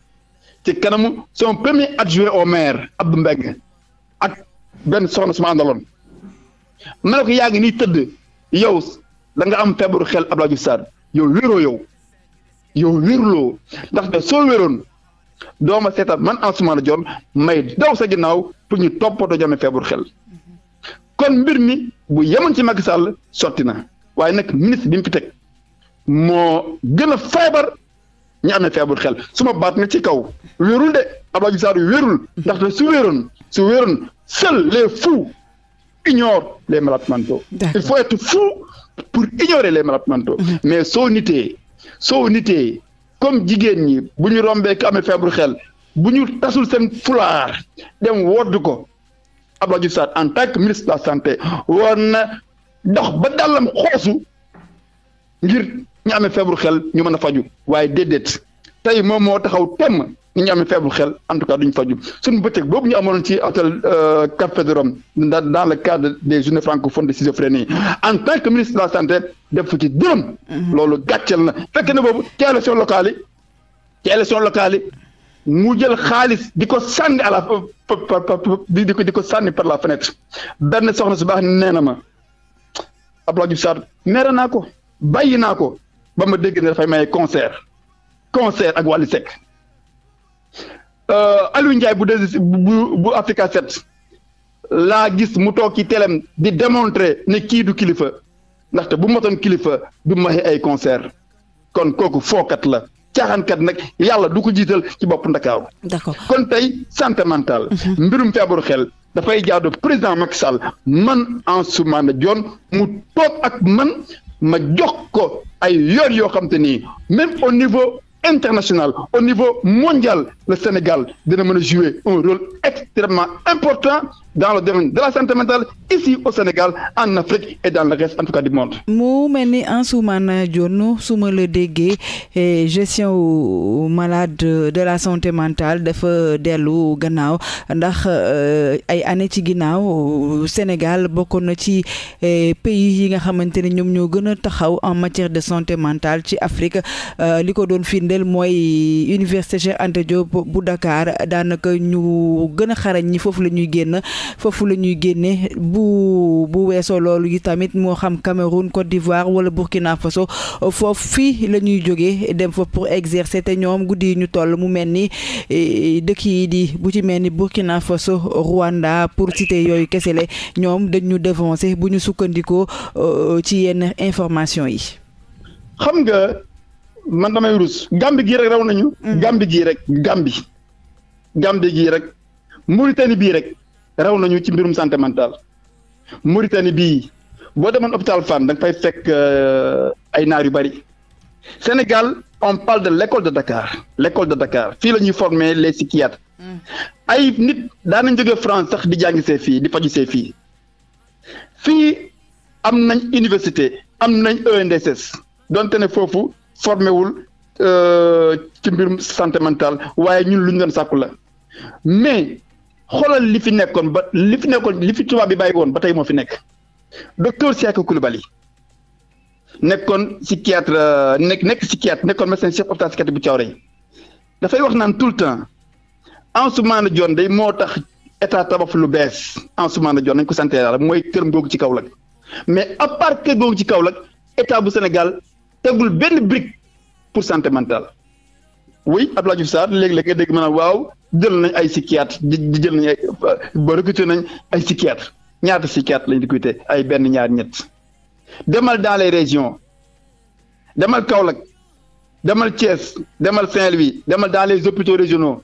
ci kanamu son premier adjoint au maire Abdou ak benn soxna suma àndaloon ma ne ko yaa ngi nii tëdd yow da nga am feebaru xel Abdoulaye Diouf yow wéroo yow yow wéruloo ndax de soo doom a seetaan man Ansoumana Dione may daw sa ginaaw pour ñu toppoo toppatoo jame feebaru xel kon mbir mi bu yemoon ci Macky Sall sotti na waaye nag ministre bi mu fi teg moo gën a feebar ñu amee feebar xel suma baat na ci kaw wéerul de Abdoulaye Diouf Sarr wéerul ndaxte su wéeroon su wéeroon seuls le fous ignorent les malades mentaux il faut être fou pour ignorer les malades mentaux mm-hmm. mais soo nitee soo nitee comme jigéen ñi bu ñu rombee ku amee feebar xel bu ñu tasul seen fulaar dem wodd ko Abdoulaye Diouf Sarr en tant que ministre la santé war na dox ba dàllam xoosu ngir ñu amee feebaru xel ñu mën a faju waaye déedéet tey moom moo taxaw temm ni ñu amee feebaru xel en tout cas duñu faju suñu bëccëg boobu ñu amoon ci hôtel euh, Café de Rome dans le cadre des journées francophones de schizophrénie en tant que ministre de la santé def ci dërëm. Mm-hmm. loolu gàcceel na fekk na boobu ci élection locale yi ci élection locale yi mu jël xaalis di ko sànni à la di di ko sànni par la fenêtre benn soxna su baax nee na ma Abdoulaye Diouf Sarr mere naa ko bàyyi naa ko. ba ma dégg ne dafay maye concert concert ak Wally Seck euh, Aliou Ndiaye bu des bu bu Africa 7 laa gis mu toog ki telem di démontrer ne kii du kilifa ndaxte bu motoon kilifa du maye ay concert kon kooku fookat la caaxaankat nag yàlla du ko jiital ci bopp Ndakaaru. d'accord kon tey santé mhm. mbirum feebaru xel. dafay jaadu président Macky Sall man Ansoumana Dione mu toog ak man ma jox ko ay yoon yoo xam te même au niveau international au niveau mondial de Sénégal dina mën a jouer un rôle extrêmement important dans le domaine de la santé mentale ici au Sénégal en Afrique et dans le reste en tout mu mel ni Ansoumana Dione su ma la déggee eh, gestion wu malade de la santé dafa dellu gannaaw ndax eh, ay année ci ginnaaw Sénégal bokkoon na ci eh, pays yi nga xamante ne ñoom ñoo gën a taxaw en matière de santé mentale ci Afrique li ko doon firndeel mooy université Cheikh Anta Diop bu Dakar daanaka ñu gën a xarañ ñi foofu la ñuy génn. foofu la ñuy génne bu bu weesoo loolu yi tamit moo xam Cameroun Côte d'Ivoire wala Burkina Faso foofu fii la ñuy jógee dem fa pour exercer te ñoom guddi ñu toll mu mel ni e, dëkk yi di bu ci mel ni Burkina Faso Rwanda pour citer yooyu kese la ñoom dañ ñu devancer bu ñu sukkandikoo e, ci yenn information yi. xam nga man damay rus Gambie gii rek raw nañu. Mm. Gambie gii rek Gambie. Gambie gii bii rek raw nañu ci mbirum santé mentale Mauritanie bii boo demoon hôpital Fann da nga fay fekk euh, ay naar yu bari Sénégal on parle de l'école de Dakar l'école de Dakar fii la ñuy former les psychiatres mm. ay nit daanañ jóge France sax di jàngi see fii di faju see fii fii am nañ université am nañ ENDSS donte ne foofu formé wul euh, ci mbirum santé waaye ñun lu ñu doon sàkku la mais xoolal li fi nekkoon ba li fi nekkoon li fi tubaab bi bàyyi woon ba tey moo fi nekk docteur Sékou Coulibaly nekkoon psychiatre nekk nekk psychiatre nekkoon médecin chef hôpital psychiatrique bu Thiaroye dafay wax naan tout le temps Ansoumana Dione day moo tax état tabax lu bees Ansoumana Dione nañ ko sant mooy kër googu ci Kaolack mais à part kër googu ci Kaolack état bu Sénégal tegul benn brique pour santé mentale wuy Abdoulaye Diouf Sarr léeg-léeg nga dégg maanaam waaw jël nañ ay psychiatre di jël nañ ay euh, ba recruté nañ ay psychiatre ñaata psychiatre lañ recruté ay benn ñaar ñett demal dans les régions demal Kaolack demal Thiès demal Saint-Louis demal dans les hôpitaux régionaux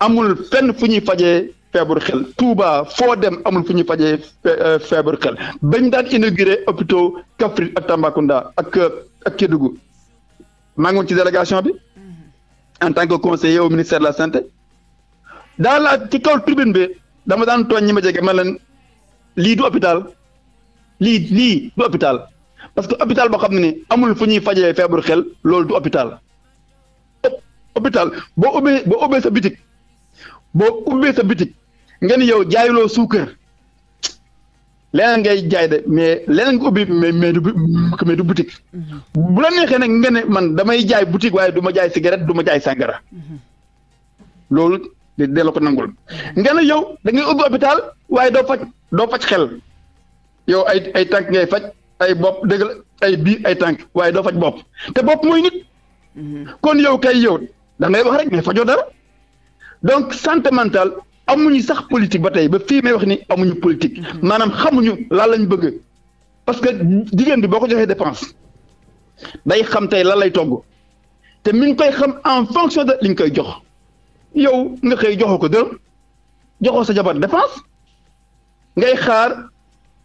amul fenn fu ñuy fajee feebar xel Touba foo dem amul fu ñuy fajee euh, feebar xel bañ daan inauguré hôpitaux Kaffrine ak Tambacounda ak euh, ak Kédougou ci délégation bi. en tant que conseiller au ministère de la santé dans la ci kaw tribune bi dama daan tooñ ñi ma jege ma leen lii du hôpital lii lii du hôpital parce que hôpital boo xam ne ni amul fu ñuy fajee feebar xel loolu du hôpital hôpital boo ubbee boo ubbee sa bitik boo ubbee sa bitik nga ni yow jaayuloo suukar leneen ngay jaay de mais leneen nga ubbi mais mais du mais du mhm. la neexee nag nga ne man damay jaay boutique waaye du ma jaay cigarette du ma jaay sàngara. Mhm. loolu de delloo ko nangul. Mhm. nga ne yow da ngay ubbi hôpital waaye doo faj doo faj xel yow ay ay tànk ngay faj ay bopp dëgg ay biir ay tànk waaye doo faj bopp te bopp mooy nit. kon yow kay yow da wax rek mais fajoo dara donc santé amuñu sax politique ba tey ba fii may wax ni amuñu politique mm-hmm. maanaam xamuñu lan lañ bëgg parce que jigéen bi boo ko joxee dépense day xam tey lan lay togg te mi ngi koy xam en fonction de li koy jox yow nga xëy joxoo ko dërëm joxoo sa jabar dépense ngay xaar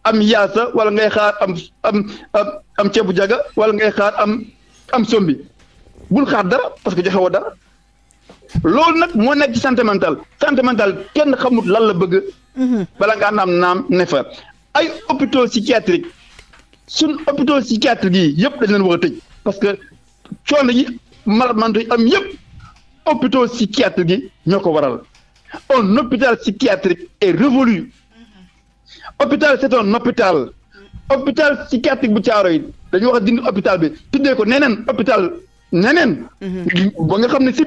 am yaasa wala ngay xaar am am am ceebu jaga wala ngay xaar am am sombi bul xaar dara parce que joxe woo dara loolu nag moo nekk ci santé mentale kenn xamut lan la bëgg. Mhm. bala nga naam naam ne fa ay hôpitaux psychiatriques suñ hôpitaux psychiatriques yi yëpp dañ leen war a tëj parce que coono yi malamanto yi am yëpp hôpitaux psychiatriques gi ñoo ko waral un hôpital psychiatrique est révolu hôpital c'est un hôpital hôpital psychiatrique bu caaro yi dañu wax dindi hôpital bi tuddee ko neneen hôpital neneen mhm. ba nga xam ne si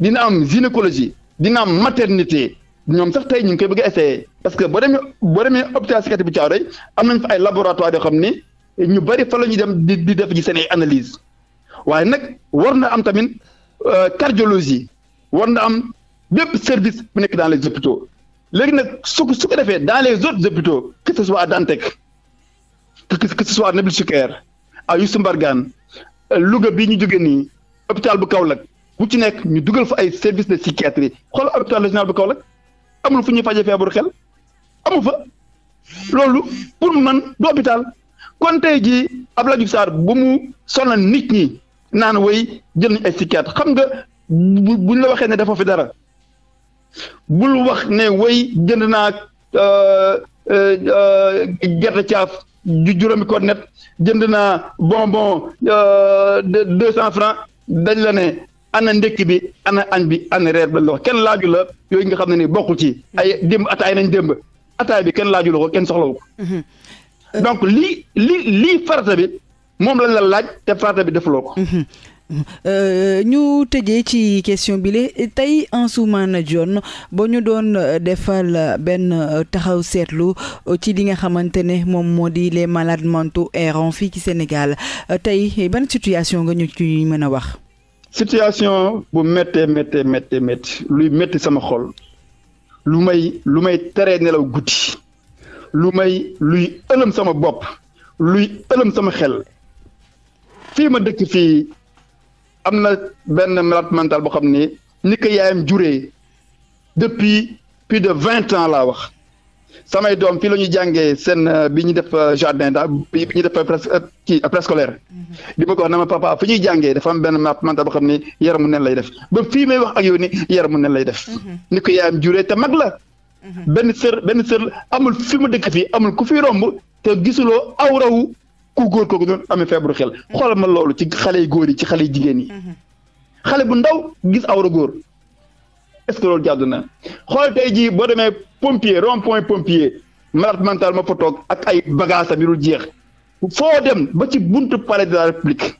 dina am gynécologie dina am maternité ñoom sax tey ñu ngi koy bëgg a essayé parce que boo demee boo demee hôpital Sikati bu Thiaroye am nañ fa ay laboratoire yoo xam ni ñu bari fa la ñuy dem di di def ji seen ay analyse waaye nag war na am tamit euh, cardiologie war na am bépp service bu nekk dans les hôpitaux léegi nag su su ko defee dans les autres hôpitaux que ce soit à Dantec que ce soit à Nabil Choucair à euh, Louga bii ñu jógee nii hôpital bu kaw Kaolack bu ci nekk ñu dugal fa ay service de psychiatrie xool a hôpital régional bu Kaolack amul fu ñuy faje feebaru xel amul fa loolu pour man du hôpital kon tey jii Abdoulaye Diouf Sarr bu mu sonal nit ñi naan way jël nañ ay psychiatre xam nga bu buñ la waxee ne dafa fi dara bul wax ne woy jënd naa euh, euh, gerte caaf juróomi cornet jënd naa bonbon euh, deux cent francs dañ la ne ana ndekki bi ana añ bi ana reer bi loxo kenn laaju la yooyu nga xam ne ni bokkul ci ay démb ataay nañ démb ataay bi kenn laaju la ko kenn soxlawu ko mhm. euh, donc lii lii lii farata bi moom lañ la laaj te farata bi defuloo ko mhm. euh, ñu tëjee ci question bi le tey Ansoumana Dione ba ñu doon defal benn taxaw seetlu ci li nga xamante ne moom moo di les malades mentaux errants fii ci Sénégal tey ban situation nga ñu ci mën a wax situation bu méttee méttee méttee métti luy métti sama xol lu may lu may tere nelaw guddi lu may luy ëlëm sama bopp luy ëlëm sama xel fii ma dëkk fii am na benn malade mental boo xam ni ni ko yaayam juree depuis plus de vingt ans laa wax samay doom fii la ñuy jàngee seen euh, bi ñu def euh, jardin daal bi ñu def euh, kii préscolaire mhm. di ma ko wax na ma papa fi ñuy jàngee dafa benn map manta boo xam ni yaramu nen lay def ba may wax ak yow ni yaramu nen lay def mhm. ni ko yaayam juree te mag la mhm. benn sër benn sër amul fi mu dëkk fii amul ku fi romb te gisuloo awrawu ku góor kooku doon amee feebaru xel xoolal ma loolu ci xale yu góor yi ci xale yu jigéen yi xale bu ndaw gis awra góor est-ce que loolu jàddu na xool tey jii boo demee pompier rond point pompier malade mental ma fa toog ak ay bagages am yu dul jeex foo dem ba ci bunt palais de la république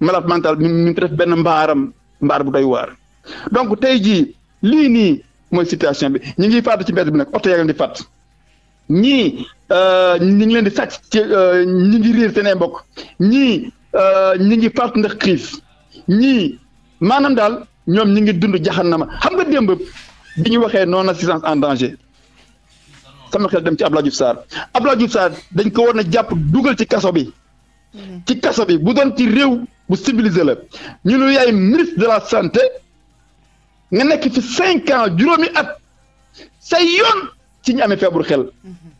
malade mental mi ngi def benn mbaaram mbaar bu tay waar donc tey jii lii nii mooy situation bi ñi ngi faatu ci mbedd bi nag oto yaa ngi faat ñii euh, ñu ngi leen di sàcc ci euh, ñu mbokk ñii euh, ñu ngi faatu ndax xiif ñii maanaam daal. ñoom ñi ngi dund jaxanama xam nga démb bi ñu waxee non assistance en danger sama xel dem ci Abdoulaye Diouf Sarr Abdoulaye Diouf dañ ko war a jàpp dugal ci kaso bi ci kaso bi bu doon ci réew bu civilisé la ñu lu yaay ministre de la santé nga nekk fi cinq ans juróomi at say yoon ci ñu amee feebaru xel mm-hmm.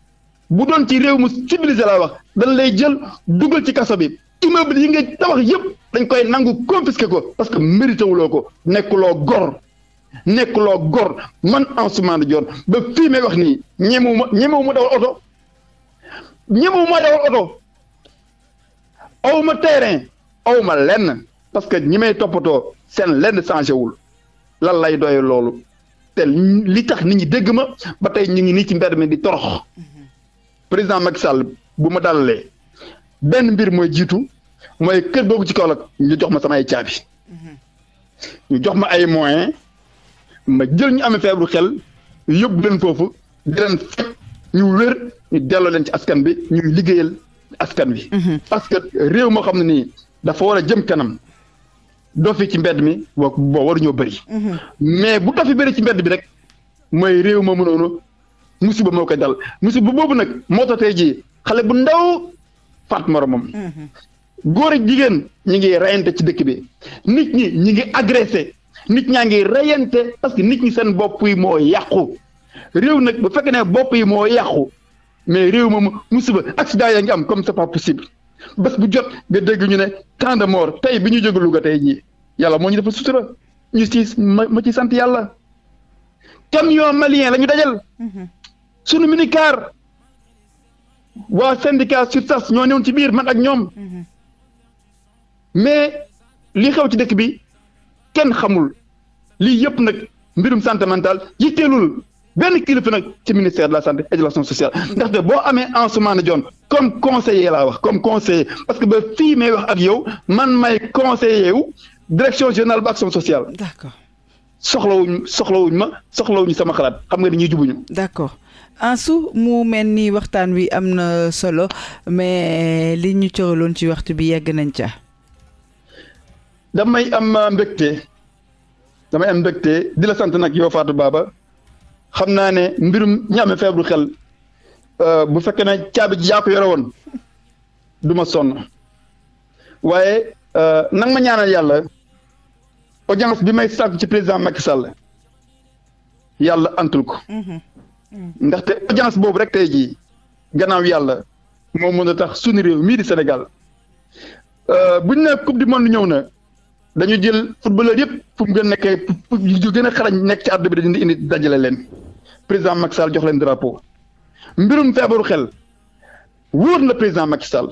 bu doon ci réew mu civilisé laa wax dañ lay jël dugal ci kaso bi immeuble yi nga tabax yëpp dañ koy nangu confisqué ko parce que mérité wuloo ko nekkuloo gor nekkuloo gor man Ansoumana Dione ba fii may wax nii ñemewu ma ñemewu ma dawal oto ñemewu dawal oto aw ma terrain aw lenn parce que ñi may toppatoo seen lenn changé wul lan lay doye loolu te li tax nit ñi dégg ma ba tey ñu ngi nii ci mbedd mi di torox président Macky Sall bu ma dalalee benn mbir mooy jiitu mooy kër googu ci Kaolack ñu jox ma ay caabi ñu jox ma ay moyens ma jël ñu amee feebru xel yóbbu leen foofu di leen fekk ñu wér ñu delloo leen ci askan bi ñuy liggéeyal askan wi. Mhm. parce que réew moo xam ne nii dafa war a jëm kanam dofi ci mbedd mi boo boo waruñoo bëri. Mhm. mais bu dofi bëri ci mbedd bi rek mooy réew moomu noonu musiba moo koy dal musiba boobu nag moo tax tey jii xale bu ndaw. faat moromam. Mhm. góor ak jigéen ñi ngi reyante ci dëkk bi nit ñi ñi ngi agressé nit ñaa ngi reyante parce que nit ñi seen bopp yi moo yàqu réew nag bu fekkee ne bopp yi moo yàqu mais réew moom musiba accident yaa ngi am comme sa pas possible bés bu jot nga dégg ñu ne tant de mort tey bi ñu jóg Louga tey jii yàlla moo ñu dafa sutura ñu ci ma ma ci sant yàlla camion malien la ñu dajal. Mhm. sunu minicar waa syndicat SUTSAS ñoo newoon ci biir man ak ñoom mais li xew ci dëkk bi kenn xamul lii yëpp nag mbirum santé mentale yitteelul benn kilifa nag ci ministère de la santé et de l'action sociale ndaxte boo amee Ansoumana Dione comme conseiller laa wax comme conseiller parce que ba fii may wax ak yow man may conseiller wu direction générale bu action sociale. d'accord soxlawuñ soxlawuñ ma soxlawuñu sama xalaat xam nga ni ñuy jubuñu. d'accord. Ansu mu mel nii waxtaan wi am na solo mais li ñu cëraloon ci waxtu bi yegg nañ ca. damay am mbégte damay am mbégte di la sant nag yow Fatou Baba xam naa ne mbirum ñi amee xel euh, bu fekkee na caabi ji yaa yore woon du sonn waaye euh, nang ma ñaanal yàlla audience bi may sàkk ci président Macky Sall yàlla antul ko. Mhm. ndaxte audience boobu rek tey jii gannaaw yàlla moo mën a tax suñu réew mii di Sénégal euh, buñ ne coupe du monde ñëw na dañu jël footballeur yëpp fu mu gën a nekkee gën a xarañ nekk ci àdduna bi dañu indi dajale leen président Macky Sall jox leen drapeau mbirum feebaru xel wóor na président Macky Sall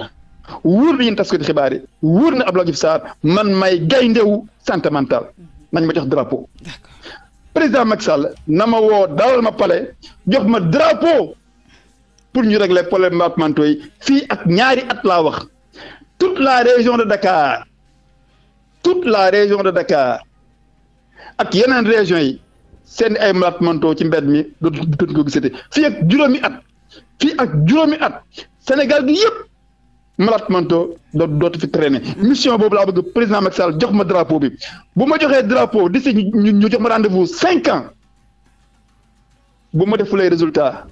wóor na yéen taskati xibaar yi wóor na Abdoulaye Diouf man may gayndewu santé mentale nañ ma jox drapeau président mac Sall na ma woo dalal ma palais jox ma drapeau pour ñu régler problème appartements yi fii ak ñaari at la wax tout la région de Dakar tout la région de Dakar ak yeneen région yi seen ay appartements ci mbedd mi dootuñ ko gisati fii ak juróomi at fii ak juróomi at Sénégal gi yëpp. malade mentaux dootu fi traîner mission boobu laa bëgg président Macky Sall jox ma drapeau bi bu ma joxee drapeau d'ici ñu ñu jox ma rendez-vous cinq ans bu ma defulee résultat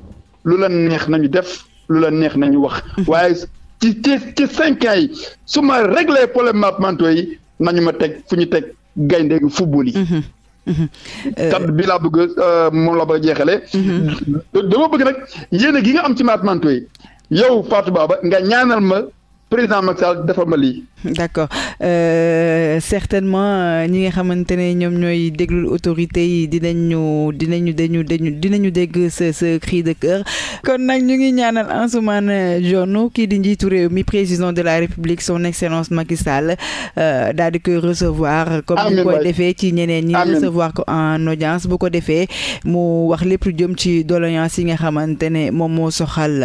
lu la neex nañu def lu la neex nañu wax waaye ci ci ci cinq ans yi su ma réglé problème malade mentaux yi nañu ma teg fu ñu teg gaynde gi football yi mhm. mhm. euh, kaddu bi laa bëgg euh, moom la bëgg jeexale mhm. dama bëgg nag yéen gi nga am ci malade mentaux yi yow Fatou Baba nga ñaanal ma président Macky Sall defal ma lii d' accord euh, certainement euh, ñi nga xamante ne ñoom ñooy déglu autorité yi dinañu dinañu dañu dañu dinañu dégg ce ce cri de cœur kon nag ñu ngi ñaanal Ansoumana Dione kii di njiitu réew mi président de la République son excellence Macky Sall euh, daal di koy recevoir comme ni ko ci ñeneen ñi recevoir ko en audience bu ko defee mu wax lépp jëm ci doléance yi nga xamante ne moom moo soxal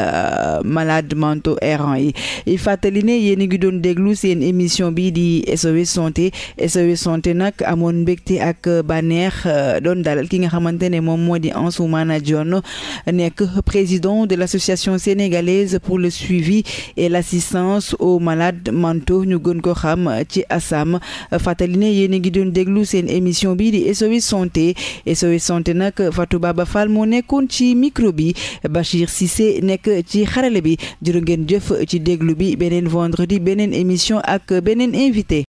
malade mentaux errant yi fàttali ne yéen a ngi doon déglu seen émission bi di SOS santé SOS santé nag amoon mbégte ak banneex euh, doon dalal ki nga xamante ne moom moo di Ansoumana Dione nekk président de l'association sénégalaise pour le suivi et l'assistance au malades mentaux ñu gën ko xam ci ASAM fàttali ne yéen a ngi doon déglu seen émission bi di SOS santé SOS santé nag Fatou Baba fal moo nekkoon ci micro bi Bachir Cissé nekk ci xarale bi jërë ngeen jëf ci déglu bi beneen vendredi beneen émission ak beneen invité